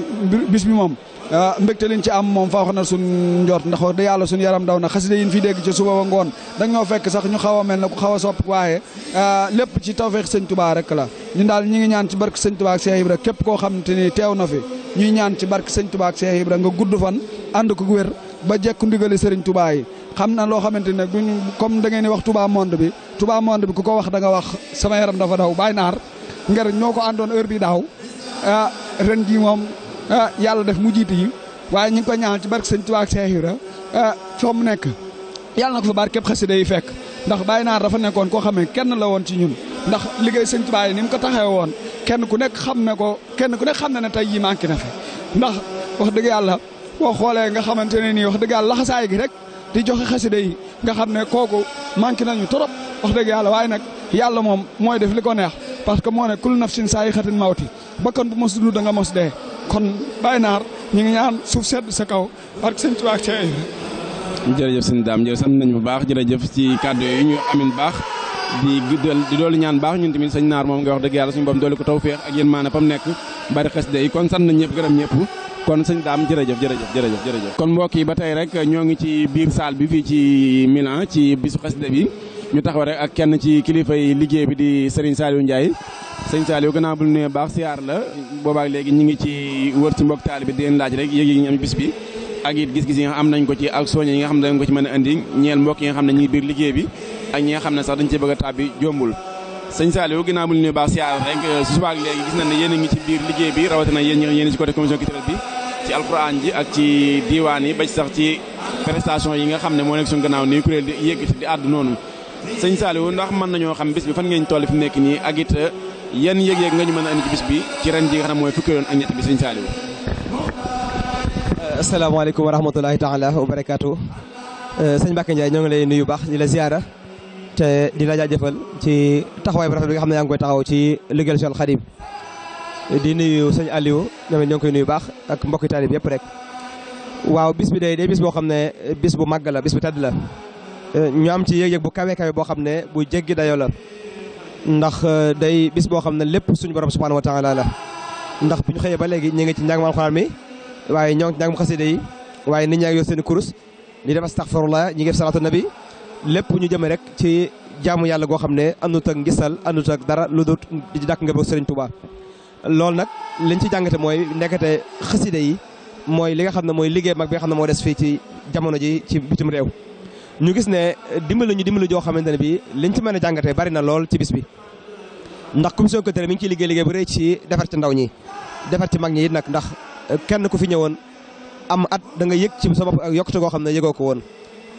bis bi moom ah, mbégte liñ ci am moom faa wax na suñ njort ndax wax dëgg yàlla suñu yaram daw na xasida yi ñu fi dégg ci suba ba ngoon dañoo fekk sax ñu xaw a mel na ku xaw a sopp waaye ah, lépp ci tawfeex sëñ tubaa rek la ñun daal ñi ngi ñaan ci bark sëñ Tuubaa ak Cheikh képp koo xam te ni teew na fi ñuy ñaan ci barke sëñ Tuubaa ak Cheikh nga gudd fan ànd ko wér ba jekku ndigali sëriñ tubaa yi xam na loo xamante ne duñ comme da ngeen di wax Touba monde bi Touba monde bi ku ko wax da wax sama yaram dafa daw bàyyi naar ngir ñoo ko àndoon heure bi daaw Ah, ren ji moom ah, yàlla def mu jiite yi waaye ñu ngi ko ñaanal ci barke sëñ Tuubaa ak Seex Ibra ah, mu nekk yàlla na ko fa barkeb xasida yi fekk ndax bàyyi naa dafa nekkoon koo xam ne kenn la woon ci ñun ndax liggéey sëñ Tuubaa yi ni mu ko taxee woon kenn ku nekk xam ne ko kenn ku nekk xam na ne tey jii manqué na fi ndax wax dëgg yàlla boo xoole nga xamante ne nii wax dëgg yàlla laxasaay gi rek di joxe xasida yi nga xam ne kooku manqué nañu trop wax dëgg yàlla waaye nag yàlla moom mooy def li ko neex parce que moone kul nafsin saay mauti mawti bakkan bu mos dund da nga mos de kon baynar ñi nga ñaan suuf sedd sa kaw ak seigne touba ci ay jërëjëf seigne dam jërëjëf sam nañ bu baax jërëjëf ci cadeau yi ñu amine baax di guddal di doolu ñaan baax ñun timi seigne nar mom nga wax deug yalla suñu bam doolu ko tawfiq ak yeen maana pam nek bari xess de kon sant nañ ñëpp gërëm ñëpp kon sëñ daam jërëjëf jërëjëf jërëjëf jërëjëf kon mbokk yi ba tey rek ñoo ngi ci biir salle bi fi ci Milan ci bisu xess de bi ñu taxaw rek ak kenn ci kilifa liggéey bi di Serigne Saliou Ndiaye Serigne Saliou gannaaw bu ñu nee baax siyaar la boobaak léegi ñu ngi ci wër ci mbokk taal bi di leen laaj rek yéeg yi ñu am bis bi ak it gis-gis yi am nañ ko ci ak soññe yi nga xam ne dañ ko ci mën a indi ñeel mbokk yi nga xam ne biir liggéey bi ak ñi nga xam ne sax dañ ci bëgg a tàbbi jombul Serigne Saliou gannaaw bu ñu nee baax siyaar rek euh, yéen ngi ci biir liggéey bi rawatina yéen ñi yéen ci côté commission culturelle bi ci alquran ji ak ci diiwaan yi ba sax ci prestation yi nga xam ne moo nekk suñu gannaaw nii kuréel di yëkkati di àddu noonu sëñ Saliou ndax mën nañoo xam bis bi fan ngeen tool fi nekk nii ak it euh, yan yëg-yëg nga ñu mën a indi bis bi ci ren ji nga mooy fukki yoon ak ñett bi sëñ Saliou. Euh, asalaamaaleykum wa rahmatulahi taala wa barakaatu euh, sëñ Mbacke Ndiaye ñoo ngi lay nuyu baax di la ziara te di la jaajëfal ci taxawaay bu rafet bi nga xam ne yaa ngi koy taxaw ci liggéeyal Seexul Xadim di nuyu sëñ Aliou ñoom it ñoo ngi koy nuyu baax ak mbokki taalib yëpp rek waaw bis bi day day bis boo xam ne bis bu màgg la bis bu la ñu am ci yëg-yëg bu kawe kawe boo xam ne bu jéggi dayoo la ndax euh, day bis boo xam ne lépp suñu borom subhanahu wa taala la ndax bu ñu xëyee ba léegi ñu ngi ci njàngum alxuraan mi waaye ñoo ngi ci njàngum xasida yi waaye nit ñaa ngi yor seen kurus di def astaghfirullah ñi ngi def salaatu bi lépp ñu jëme rek ci jaamu yàlla goo xam ne andut ak ngisal andut ak dara lu dul di dàkk nga bëgg Sëriñ Tuubaa loolu nag liñ ci jàngate mooy nekkate xasida yi mooy li nga xam ne mooy liggéey mag bi xam ne moo des fii ci jamono ji ci bitim réew ñu gis ne dimbalu ñu dimbalu joo xamante ne bi liñ ci man a jàngatee bari na lool ci bis bi ndax commission culturelle mi ngi ciy liggéey liggéey bu rëy ci defar ci ndaw ñi defar ci mag ñi it nag ndax kenn ku fi ñëwoon am at da nga yëg ci sa bopp ak yokkute goo xam ne yëgoo ko woon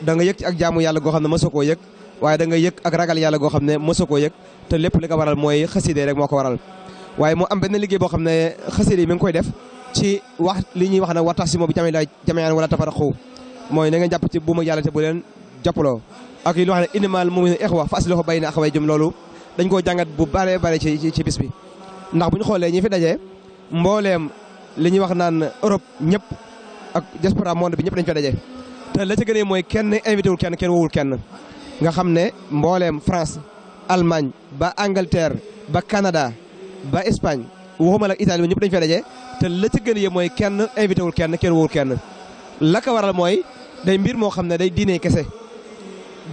da nga yëg ci ak jaamu yàlla goo xam ne mosoo koo yëg da nga yëg ak ragal goo xam ne mosoo koo yëg te lépp li ko waral mooy xaside rek moo ko waral waaye mu am benn liggéey boo xam ne xaside yi mi ngi koy def ci wax li ñuy wax na wartax si moo bi jame laa jameyaan wala tafaraqu mooy na ngeen jàpp ci bu ma jàppaloo ak yi lu wax ne innamal mu'minuna ikhwa fa aslihu bayna akhawaykum loolu dañ koo jàngat bu bare bare ci ci bis bi ndax bu ñu xoolee ñi fi daje mbooleem li ñuy wax naan Europe ñëpp ak diaspora monde bi ñëpp dañ fa daje te la ci gënee mooy kenn invité wul kenn kenn woowul kenn nga xam ne mbooleem France Allemagne ba Angleterre ba Canada ba Espagne waxuma la Italie ñëpp dañu fa daje te la gën yee mooy kenn invité wul kenn kenn woowul kenn lakka waral mooy day mbir moo xam ne day diine kese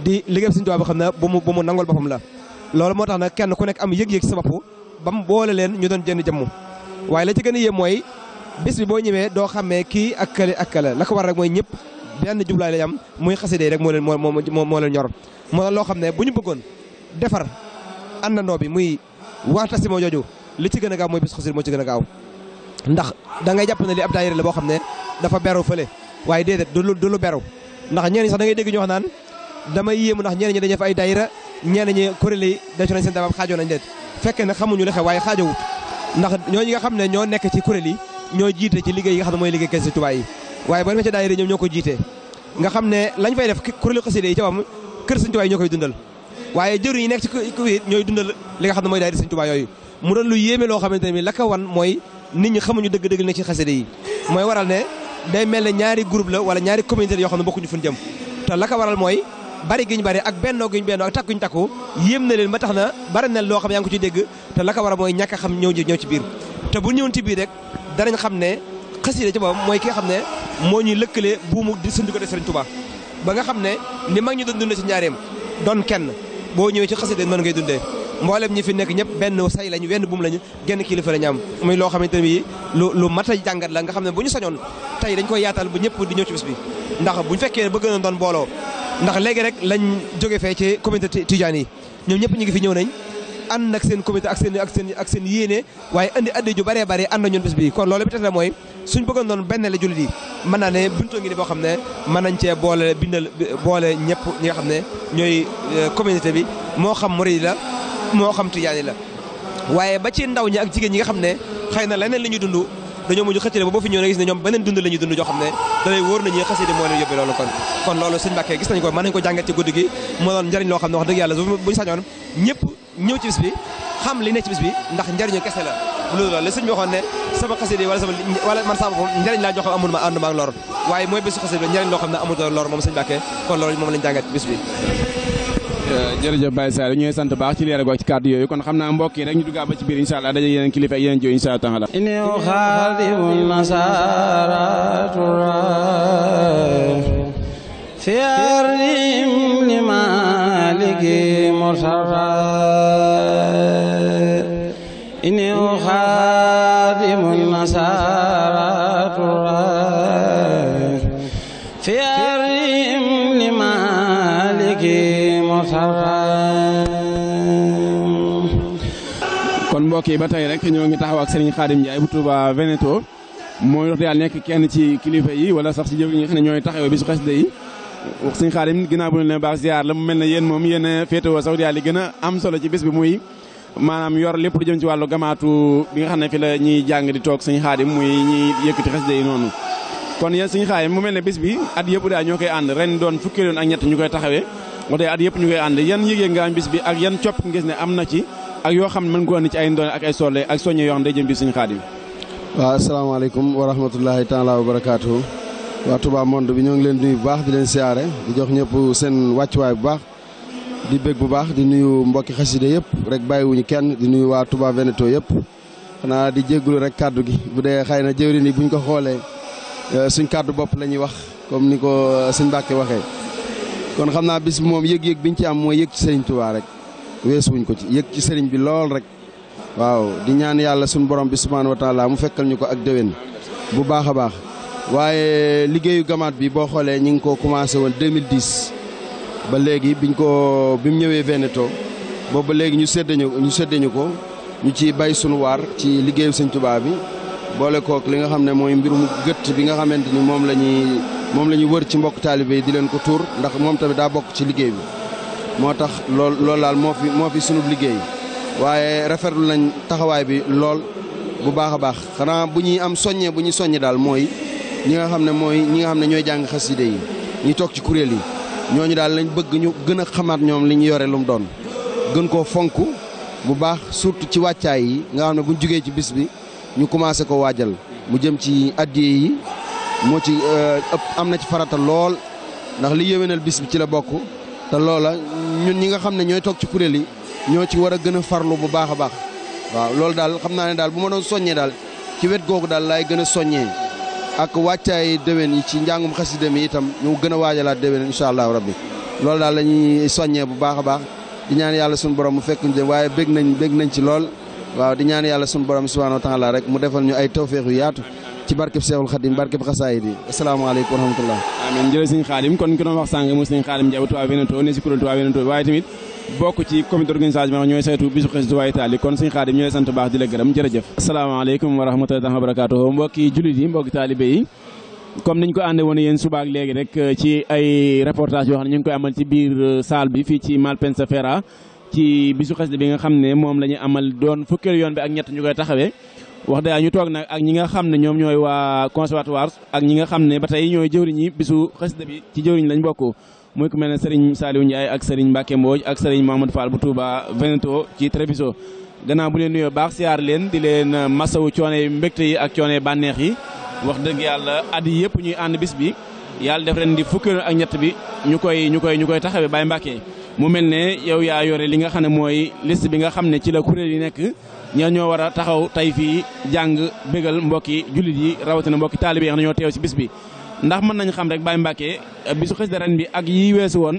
di liggéey Sëriñ Tuubaa boo xam ne bu mu bu mu nangol boppam la loolu moo tax nag kenn ku nekk am yëg-yëg ci sa bopp ba mu boole leen ñu doon jënd jëmm waaye la ci gën a yéem mooy bis bi boo ñëwee doo xam xàmmee kii ak kële ak kële la ko war rek mooy ñëpp benn jublaay lañ am muy xasida de rek moo leen moo moo moo leen ñor moo tax loo xam ne bu ñu bëggoon defar àndandoo bi muy waata si moo jooju li ci gën a gaaw mooy bis xasida moo ci gën a gaaw ndax da jàpp ne li ab daayira la boo xam ne dafa beru fële waaye déedéet du lu beru ndax damay yéemu ndax ñeneen ñi dañu def ay dayra ñeneen ñi kuréel yi deco nañ seen dabab xaajoo nañ leen fekkee ne xamuñu li xew waaye xaajowut ndax ñooñu nga xam ne ñoo nekk ci kuréel yi ñoo jiite ci liggéey yi nga xam ne mooy liggéey kees ci Tuubaa yi waaye boo ñoo ko jiite nga xam ne lañ fay def kuréelu xasida yi ca wam kër Sëñ Tuubaa yi ñoo koy dundal waaye jëriñ yi nekk ci kuréel ñooy dundal li nga xam ne mooy daayira Sëñ Tuubaa yooyu mu doon lu yéeme loo xamante ne la ko wan mooy nit ñi xamuñu dëgg-dëgg nekk ci xasida yi mooy waral ne day mel ñaari groupe la ñaari communauté yoo xam ne bokkuñu fuñ jëm te la waral mooy bari gi ñu bari ak bennoo gi ñu bennoo ak takkuñ takku yéem na leen ba tax na bari na loo xam yaa ngi ko ci dégg te la ko war a mooy ñàkk xam ñëw ñëw ci biir te bu ñëwoon ci biir rek danañ xam ne xasida ci boppam mooy ki nga xam ne moo ñuy lëkkale buumu di suñu ko de tubaa ba nga xam ne ni mag ñu doon dundee ci ñaareem doon kenn boo ñëwee ci xasida noonu ngay dundee mboolem ñi fi nekk ñëpp benn say lañu wenn buum lañu genn kilifa lañu am muy loo xamante ne lu lu mat a jàngat la nga xam ne bu ñu sañoon tey dañ koy yaatal bu ñëpp di ñëw ci bis bi ndax bu fekkee bëgg na doon booloo ndax léegi rek lañ jóge fee ci communauté Tidiane yi ñoom ñëpp ñu ngi fi ñëw nañ ànd ak seen comité ak seen ak seen ak seen yéene waaye indi addi ju bëree bëri ànd na ñun bis bi kon loolu bi tax na mooy suñ bëggoon noonu benn la jullit yi mën naa ne buntu ngi ni boo xam ne mën nañ cee boole bindal boole ñëpp ñi nga xam ne ñooy euh, communauté bi moo xam murid la moo xam Tidiane la waaye ba ci ndaw ñi ak jigéen ñi nga xam ne xëy na leneen li ñu dund dañoo mujj xëccale ba boo fi ñëw na ñoom beneen dund la ñuy dund xam ne dalay wóor nañu xasida moo leen yóbbe loolu kon kon loolu suñ mbàkkee gis nañ ko mën ko jàngat ci guddi gi moo doon njëriñ loo xam ne wax dëgg yàlla buñu sañoon ñëpp ñëw ci bis bi xam li ne ci bis bi ndax njëriñu kese la loolu la li suñ bi waxoon ne sama xasida wala sama wala man sama boppam njëriñ laa joo xam amul ma ànduma ak lor waaye mooy bésu xasida njëriñ loo xam ne amul Eh, jërëjëf Baye Sall ñooy sant baax ci leer gox ci kàddu yooyu kon xam naa mbokk yi rek ñu duggaa ba ci biir incha allah daje yeneen kilifa ak yeneen jiw incha allah taala inew xaadimu nasaratura fi arnim li maaliki mursara inew mbokk yi ba tey rek ñoo ngi taxaw ak Serigne Khadim Ndiaye bu Touba Veneto mooy wax yàlla nekk kenn ci kilifa yi wala sax ci jëw yi nga xam ne ñooy taxawee bisu xasida yi wax Serigne Khadim ginnaaw bu ñu leen baax ziar la mu mel ne yéen moom yéen féetewoo sax yàlla li gën a am solo ci bis bi muy maanaam yor lépp lu jëm ci wàllu gamaatu bi nga xam ne fi la ñuy jàng di toog Serigne Khadim muy ñuy yëkkati xasida yi noonu kon yéen Serigne Khadim mu mel bis bi at yëpp daal ñoo koy ren doon fukki yoon ak ñett ñu koy taxawee wax at yëpp ñu koy ànd yan yëgee nga am bis bi ak yan copp ngis ne am ci ak yoo xam ne mën nga ko andi ci ay ndoone ak ay solle ak soññe yoo xam ne day jëm bi suñu xaadim waaw asalaamaaleykum wa rahmatullahi taala wa waa tubaa monde bi ñoo ngi leen di nuyu bu baax di leen siyaare di jox ñëpp seen wàccuwaay bu baax di bég bu baax di nuyu mbokki xaside yëpp rek bàyyiwuñu kenn di nuyu waa Touba Veneto yëpp xanaa di jéggulu rek kàddu gi bu dee xëy na jëwrin yi buñ ko xoolee euh, suñ kàddu bopp la ñuy wax comme ni ko euh, suñ Mbàkke waxee kon xam naa bis moom yëg-yëg biñ ci am mooy yëg ci rek weesuwuñ ko ci yëg ci sëriñ bi lool rek waaw di ñaan yàlla suñu borom bi subhaanahu wa mu fekkal ñu ko ak déwén bu baax a baax waaye liggéeyu gamaat bi boo xoolee ñi ngi ko commencé woon 2010 ba léegi bi biñ ko bi mu ñëwee Veneto boobu ba léegi ñu séddañu ñu séddañu ko ñu ciy bay sunu waar ci liggéeyu sëñ Tuubaa bi boole kook li nga xam ne mooy mbirum gëtt bi nga xamante ni moom la ñuy moom la ñuy wër ci mbokk taalibe yi di leen ko tuur ndax moom tamit daa bokk ci liggéey bi moo tax lool loolu daal moo fi moo fi sunu liggéey waaye rafetlu nañ taxawaay bi lool bu baax a baax xanaa bu ñuy am soññee bu ñuy soññe daal mooy ñi nga xam ne mooy ñi nga xam ne ñooy jàng xaside yi ñi toog ci kuréel yi ñooñu daal lañ bëgg ñu gën a xamaat ñoom li ñu yore lu mu doon gën koo fonk bu baax surtout ci wàccaay yi nga xam ne buñ jugee ci bis bi ñu commencé ko waajal mu jëm ci addiye yi moo ci euh, ëpp am na ci farata lool ndax li yéwénal bis bi ci la bokk ñun ñi nga xam ne ñooy toog ci kuréel yi ñoo ci war a gën a farlu bu baax a baax waaw loolu daal xam naa ne daal bu ma doon soññee daal ci wet googu daal laay gën a soññee ak wàccaay déwén yi ci njàngum xasida mi itam ñu gën a waajalaat déwén incha allahu rabbi loolu daal la soññee bu baax a baax di ñaan yàlla suñu borom mu fekk ñu waaye bég nañ bég nañ ci lool waaw di ñaan yàlla suñu borom subhanahu wa taala rek mu defal ñu ay tawféex yu yaatu ci barkeb Seexul Xadim barkeb xasaayid yi asalaamaaleykum wa rahmatullah amiin jërëjëf sëñ Xaadim kon ki doon wax sànq mu sëñ Xaadim Jaw Touba Veneto ne si kuréel Touba Veneto waaye tamit bokk ci comité d'organisation ñooy saytu bisu xës Touba Italie kon sëñ Xaadim ñu sant baax di la gërëm jërëjëf asalaamaaleykum wa rahmatullahi wa barakaatuhu mbokki jullit yi mbokki taalibe yi comme niñ ko ànde woon yéen subaak léegi rek euh, ci ay reportage yoo xam ne ñu ngi koy amal biir euh, salle bi fii ci Malpensa Fiera ci bisu bi nga xam ne moom la ñu amal doon fukkeelu yoon bi ak ñett ñu koy taxawee wax dëgg ñu toog nag ak ñi nga xam ne ñoom ñooy waa conservatoire ak ñi nga xam ne ba tey ñooy jëwriñi bisu xasida bi ci jëwriñ lañ bokk muy ku mel ne Serigne Saliou Ndiaye ak Serigne Mbacke Mbodj ak Serigne Mamadou Fall bu Touba Veneto ci Treviso gannaaw bu leen nuyoo baax siyaar leen di leen masawu coone mbégte yi ak coone bànneex yi wax dëgg yàlla at yëpp ñuy ànd bis bi yàlla def ren di ak ñett bi ñu koy ñu koy ñu koy taxawee Baye Mbacke mu mel ne yow yaa yore li nga xam ne mooy list bi nga xam ne ci la kuréel yi nekk ñoo wara war a taxaw tey fii jàng bégal mbokki jullit yi rawatina mbokki taalibe yi ñoo teew ci bis bi ndax mën nañ xam rek Baye bisu ren bi ak yi weesu woon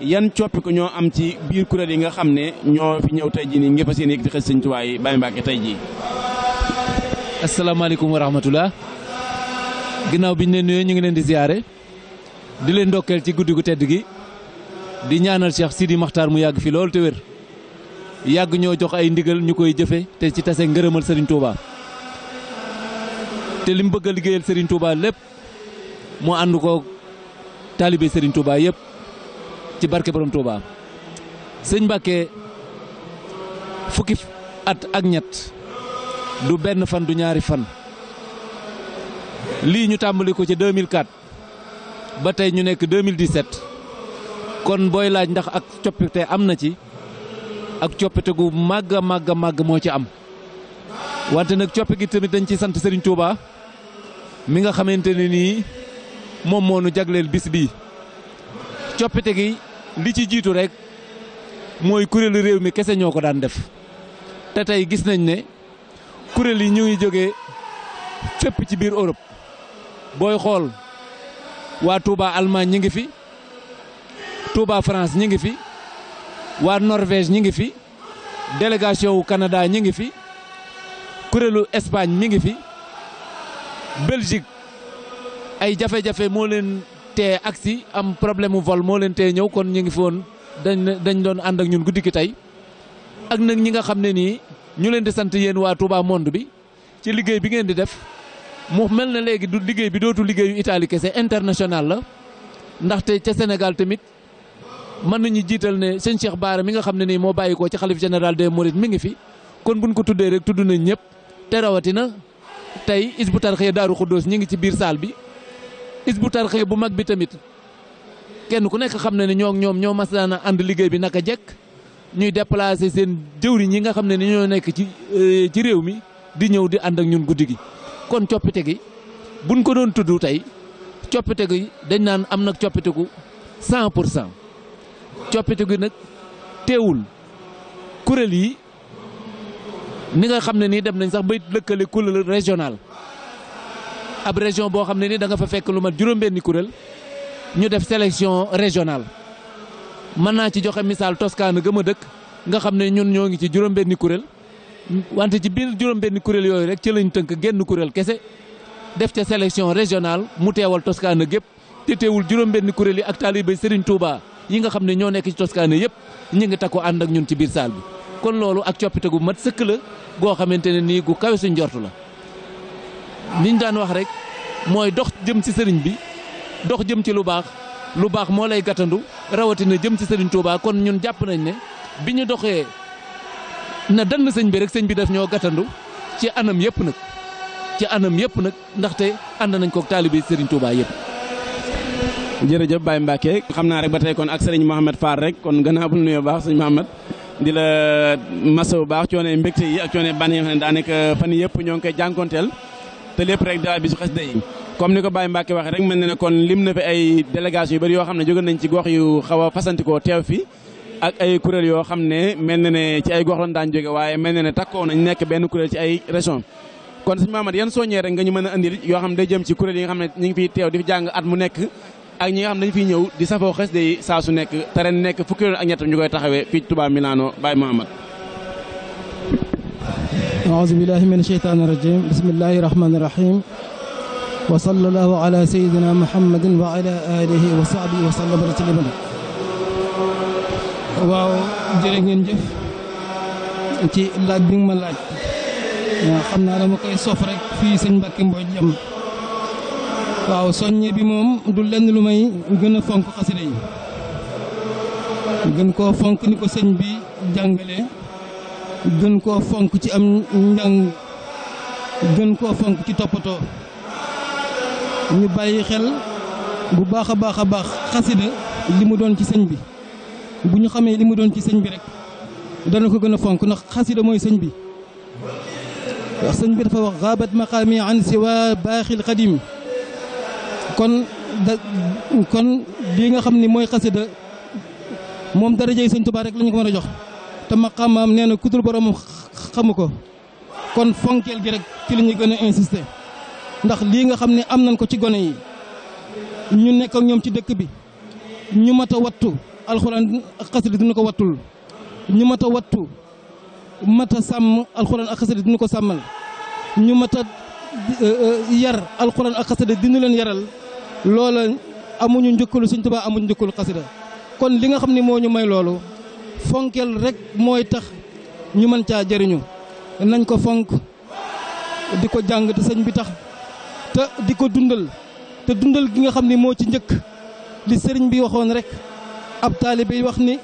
yan coppiku ñoo am ci biir kuréel yi nga xam ne ñoo fi ñëw tey jii nii nga fas yéene yëkkati xasida Sëñ Tuubaa yi Baye Mbacke tey jii asalaamaaleykum wa rahmatullah ginnaaw biñ leen ñu ngi leen di ziyaare di leen ndokkeel ci guddi tedd gi di ñaanal Cheikh Sidi Makhtar mu yàgg fi lool te wér yàgg ñoo jox ay ndigal ñu koy jëfe te ci tase ngërëmal Serigne Touba te li bëgg a liggéeyal Serigne Touba lépp mu ànd ko taalibe sëriñ Touba yëpp ci barke borom Touba sëñ Mbàkke fukki at ak ñett du benn fan du ñaari fan lii ñu tàmbali ko ci 2004 ba tey ñu nekk 2017 kon booy laaj ndax ak coppite am na ci. ak coppite gu màgg a màgg a màgg moo ci am wante nag coppe gi tamit dañ ci sant Serigne Touba mi nga xamante ne nii moom moo nu jagleel bis bii coppite gi li ci jiitu rek mooy kuréelu réew mi kese ñoo ko daan def te tey gis nañ ne kuréel yi ñu ngi jógee fépp ci biir Europe booy xool waa Touba Allemagne ñi ngi fi Touba France ñi ngi fi. waa Norvège ñi ngi fi délégation wu Canada ñi ngi fi kuréelu Espagne mi ngi fi Belgique ay jafe-jafe moo leen tee agsi am problème mu vol moo leen tee ñëw kon ñu ngi fi woon dañ dañ doon ànd ak ñun guddi ki tey ak nag ñi nga xam ne nii ñu leen de sant yéen waa Touba Monde bi ci liggéey bi ngeen di def mu mel na léegi du liggéey bi dootu liggéeyu Italie kese international la ndaxte ca Sénégal tamit. mën nañu jital ne sëñ Cheikh Baara mi nga xam ne nii moo bàyyikoo ci xalif général des Mourides mi ngi fi kon buñ ko tuddee rek tudd nañ ñëpp te rawatina tey Hizbut Tarqiyyah Daaru Xuddoos ñi ngi ci biir saal bi Hizbut Tarqiyyah bu mag bi tamit kenn ku nekk xam na ne ñoo ñoom ñoo mas daan ànd bi naka jekk ñuy déplacé seen jëwriñ yi nga xam ni ñoo nekk ci euh, ci réew mi di ñëw di ànd ak ñun guddi kon coppite gi buñ ko doon tudd tey coppite gi dañ naan am nag coppite gu cent coppite gi nag teewul kuréel yi ni nga xam ne nii dem nañ sax bay lëkkale kuréel régional ab région boo xam ne nii da nga fa fekk lu mat juróom-benni kuréel ñu def sélection régionale mën naa ci joxe misaal Toscane gëm a dëkk nga xam ne ñun ñoo ngi ci juróom-benni kuréel wante ci biir juróom-benni kuréel yooyu rek ci lañ tënk genn kuréel kese def ca sélection régionale mu teewal Toscane gépp te teewul juróom-benni kuréel yi ak taalibe Serigne Touba. yi nga xamne ño nek ci toskaane yépp ñi nga takku and ak ñun ci bir saal bi kon lolu ak coppite gu mat sekk la go xamantene ni gu kawe suñ jortu la niñ daan wax rek moy dox jëm ci sëriñ bi dox jëm ci lu bax lu bax mo lay rawati na jëm ci Touba kon ñun japp nañ ne biñu doxé na dann sëñ bi rek sëñ bi daf ñoo gatandu ci anam yep nak ci anam yépp nag ndaxte and nañ ko talibé sëriñ Touba yep jërëjëf Baye Mbacke xam naa rek ba tey kon ak sëriñ Mouhamed Fall rek kon gannaaw bu nuyoo baax sëriñ Mouhamed di la masawu baax coonee mbégte yi ak coonee bànneex koy jànkonteel te lépp rek daal ko Baye Mbacke waxee rek mel na ne kon lim na fi ay délégation yu bëri yoo xam ne jóge nañ ci gox yu xaw a fasantikoo teew fi ak yoo xam ne na ne ci ay gox lañ daan jóge waaye mel na ne takkoo nañ nekk benn kuréel ci ay région kon sëñ Mouhamed yan soññee rek nga ñu mën a andil yoo xam ne day jëm ci kuréel yi nga xam ne ñu fi teew di fi jàng at mu nekk ak ñi nga xam dañu fiy ñëw di safoo xes day saa su nekk te nekk fukki yoon ak ñett ñu koy taxawee fii Touba Milano Baye Mohamad aouzu billahi min sheytaani rajim bismillahi rahmani rahim wa sallallahu ala sayidina waaw jërë jëf ci laaj bi ma laaj xam naa dama koy sof rek fii sëñ Mbacke Mbodj jam waaw soññe bi moom du lenn lu may gën a fonk xasida yi gën koo fonk ni ko sëñ bi jàngale gën koo fonk ci am njàng gën koo fonk ci toppatoo ñu bàyyi xel bu baax a baax a baax xasida li mu doon ci sëñ bi bu ñu xamee li mu doon ci sëñ bi rek dana ko gën fonk ndax xasida mooy sëñ bi wax sëñ bi dafa wax maqaami an siwa baaxil qadim kon da kon bi nga xamni ni mooy mom moom darajey sëñ Tuubaa rek lañ ko mëna jox te maqaamaam nee na kudul borom xamuko kon fonkel gi rek ci liñu gëna insister ndax li nga xamni am nañ ko ci gone yi ñu nekk ak ñom ci dëkk bi ñu mata wattu alquran ak dina ko wattul ñu mata wattu mata sam alquran ak dina ko samal ñu mata yar alquran ak xasida dina eh, eh, yaral loola amuñu njukkalu Sëñ tuba amuñu njukkalu qasida kon li nga xamni ne may fonkel rek moy tax ñu man ca jëriñu nañ ko fonk diko jang te señ bi tax te di dundal te dundal gi nga xamni mo ci li señ bi waxon rek ab taalibe wax ni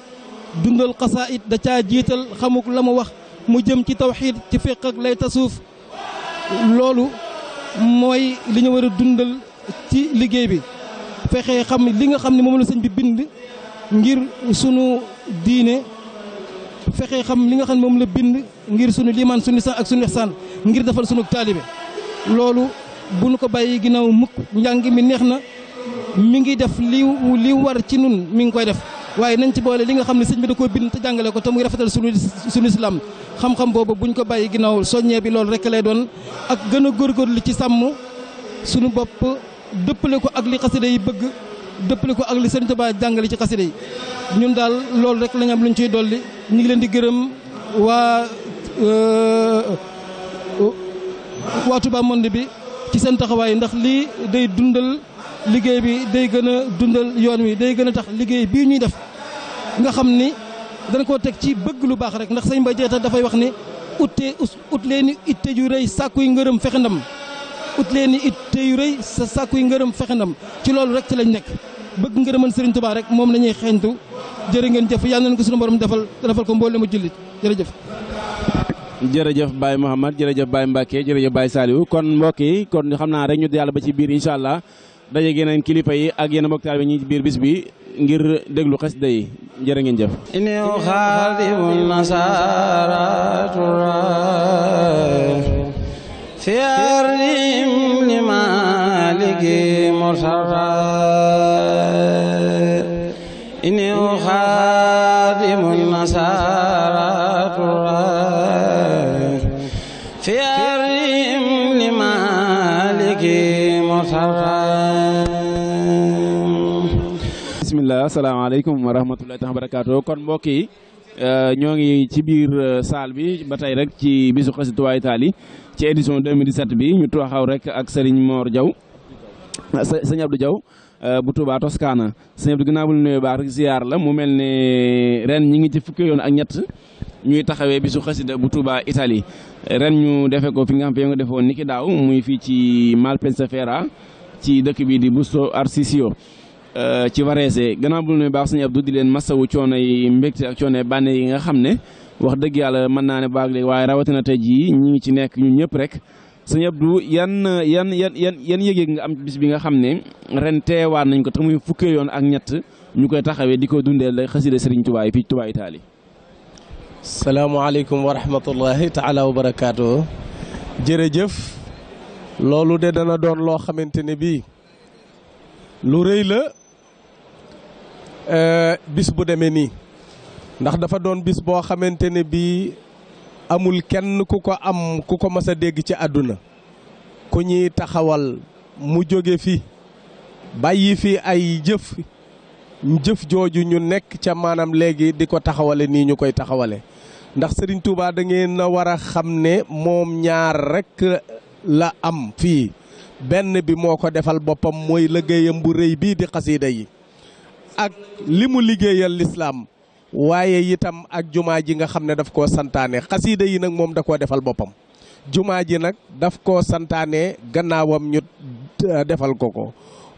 dundal qasaid da ca jital xamuk lama wax mu jëm ci tawhid ci fiqh ak lay tasuf lolu moy li ñu wara dundal ci liggéey bi fexe xam li nga xam ne moom la sëñ bi bind ngir sunu diine fexe xam li nga xam ne moom la bind ngir sunu liimaan suñu sax ak sunu ihsaan ngir defal sunu taalibe loolu bu nu ko bàyyi ginnaaw mukk njàngi mi neex na mi ngi def li li war ci nun mu ngi koy def waaye nañ ci boole li nga xam ne sëñ bi da koo bind te jàngale ko te muy rafetal sunu sunu islam xam-xam boobu buñ ko bàyyi ginnaaw soññee bi loolu rekk lay doon ak gën a góorgóorlu ci sàmm dëppale ko ak li xasida yi bëgg dëppale ko ak li Sëriñ Tuubaa jàngale ci xasida yi ñun daal loolu rek la am lu ñu ciy dolli ñu ngi leen di gërëm waa euh, waa Touba Monde bi ci seen taxawaay ndax lii day dundal liggéey bi day gën a dundal yoon wi day gën a tax liggéey bii ñuy def nga xam ni dana koo teg ci bëgg lu baax rek ndax sëñ Mbaye Jaxate dafay wax ni utte ut leen itte ju rëy sàkkuy ngërëm fexe ndam ut leen it yu rëy sa sàkkuy ngeureum fexenam ci lolou rek ci lañ nekk bëgg ngërëmal Serigne Touba rek mom lañuy ñuy xeeñtu ngeen jëf yalla nañ ko suñu borom defal defal ko mboolem jullit jërëjëf. jërëjëf Baye Mouhamad jërëjëf Baye Mbacke jërëjëf Baye saliw kon mbokk yi kon ñu xamna rek ñu yalla ba ci biir inshallah dajé daje yeneen kilifa yi ak yeneen mbokk taal bi ñi ci biir bis bi ngir deglu xass day jërë ngeen jëf ini xaadimu nasara سيارين مالك مصطفى إني خادم النصارى سيارين مالك مصطفى بسم الله السلام عليكم ورحمة الله وبركاته كون موكي euh, ñoo ngi ci biir euh, salle bi batay rek ci bisu ci édition 2017 bi ñu taxaw rek ak Serigne Mor Diaw ah, Serigne Abdou Diaw euh, bu Touba Toscana Serigne Abdou ginnaaw bu baax rek la mu mel ne ren ñi ngi ci fukki yoon ak ñett ñuy taxawee bisu xasida bu Touba Italie ren ñu defe ko fi nga xam ne nga defoon niki daaw muy fii ci Malpensa ci dëkk bii di Busto Arsizio euh, ci Varese gannaaw bu ñu nuyoo baax Serigne Abdou di leen masawu coono yi mbégte ak coono bànne yi nga xam ne wax deug yalla man naa ne baag léegi waaye rawatina tay ji ñi ngi ci nekk ñun ñep rek señ Abdou yan yan yan yan yan nga am bis bi nga xamne ren ren teewaat nañ ko te muy fukkee yoon ak ñett ñu koy taxawee di ko dundee la xasida fi touba yi fii Tuubaa wa rahmatullahi taala wa jere jeuf loolu de dana doon lo xamanteni bi lu reey la bis bu demé ni ndax dafa doon bis boo xamante ne bii amul kenn ku ko am ku ko mës a dégg ci àdduna ku ñuy taxawal mu jóge fi bàyyi fi ay jëf jëf jooju ñu nekk ca maanaam léegi di ko taxawale nii ñu koy taxawale ndax Serigne Touba dangeen a war a xam ne moom ñaar rekk la am fii benn bi moo ko defal boppam mooy liggéeyam bu rëy bii di xasiida yi ak li mu liggéeyal lislaam waaye itam ak jumaa ji nga xam ne daf koo santaane xasiida yi nag moom da koo defal boppam jumaa ji nag daf koo santaane gannaawam ñu euh, defal ko ko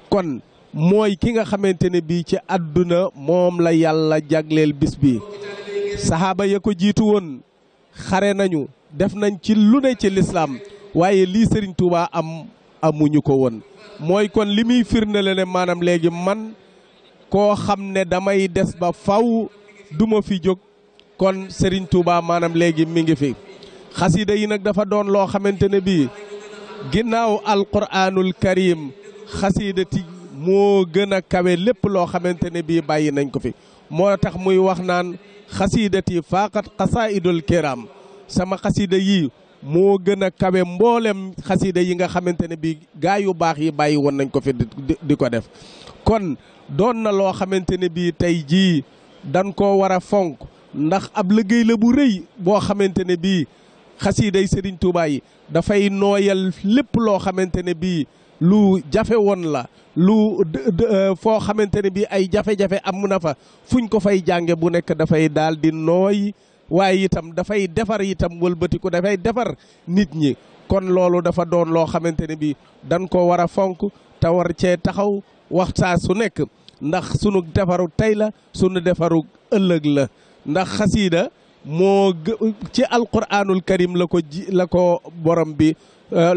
kon mooy ki nga xamante ne bii ci àdduna moom la yàlla jagleel bis bi saxaaba ya ko jiitu woon xare nañu def nañ ci lu ne ci lislaam waaye lii sëriñ Touba am amuñu ko woon mooy kon li muy firnde la ne maanaam léegi man koo xam ne damay des ba faw du ma fi jóg kon Serigne Touba maanaam léegi mi ngi fi xasida yi nag dafa doon loo xamante ne bii ginnaaw alquraanul karim xasida ti moo gën a kawe lépp loo xamante ne bii bàyyi nañ ko fi moo tax muy wax naan xasiidati faqat xasaidul kiram sama xasida yi moo gën a kawe mboolem xasida yi nga xamante ne bii gaa yu baax yi bàyyi woon nañ ko fi di ko def kon doon na loo xamante ne bii tey jii dan koo war a fonk ndax ab liggéey la bu rëy boo xamante ne bii xasiiday Serigne Touba yi dafay nooyal lépp loo xamante ne bii lu jafe won la lu euh, foo xamante ne bii ay jafe-jafe am na fa fuñ ko fay jànge bu nekk dafay daal di nooy waaye itam dafay defar itam wëlbatiku dafay defar nit ñi kon loolu dafa doon loo xamante ne bii dañ koo war a fonk te war cee taxaw wax saa su nekk ndax sunu defaru tay la sunu defaru ëllëg la ndax khasida mo ci alquranul karim lako lako borom bi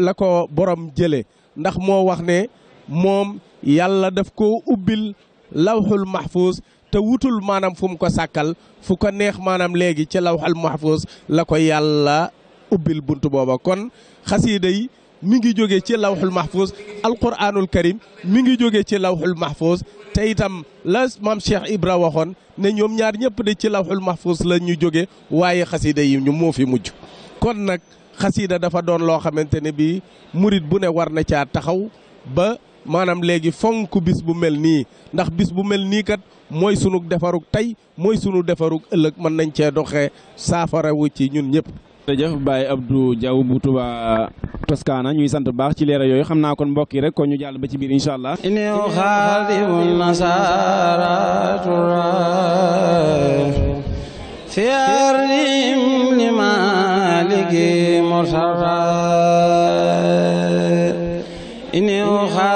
lako borom jële ndax mo wax ne mom yàlla daf ko ubil lawhul mahfuz te wutul manam fum ko sakal fu ko neex manam legi ci lawhul mahfuz lako yàlla ubil buntu boba kon khasida yi mi ngi jóge ci lawhul mahfuz alquranul karim mi ngi jóge ci lawhul mahfuz te itam la maam Cheikh Ibra waxoon ne ñoom ñaar ñëpp de ci lawxul mahfuus la ñu jóge waaye xasida yi ñu moo fi mujj kon nag xasida dafa doon loo xamante ne bii murit bu ne war na caa taxaw ba maanaam léegi fonk bis bu mel nii ndax bis bu mel nii kat mooy sunu defarug tey mooy sunu defarug ëllëg mën nañ cee doxee wu ci ñun ñëpp. jërëjëf Baye Abdou Diaw bu Touba ñuy sant baax ci leera yooyu xam kon mbokk rek ñu ba ci allah fi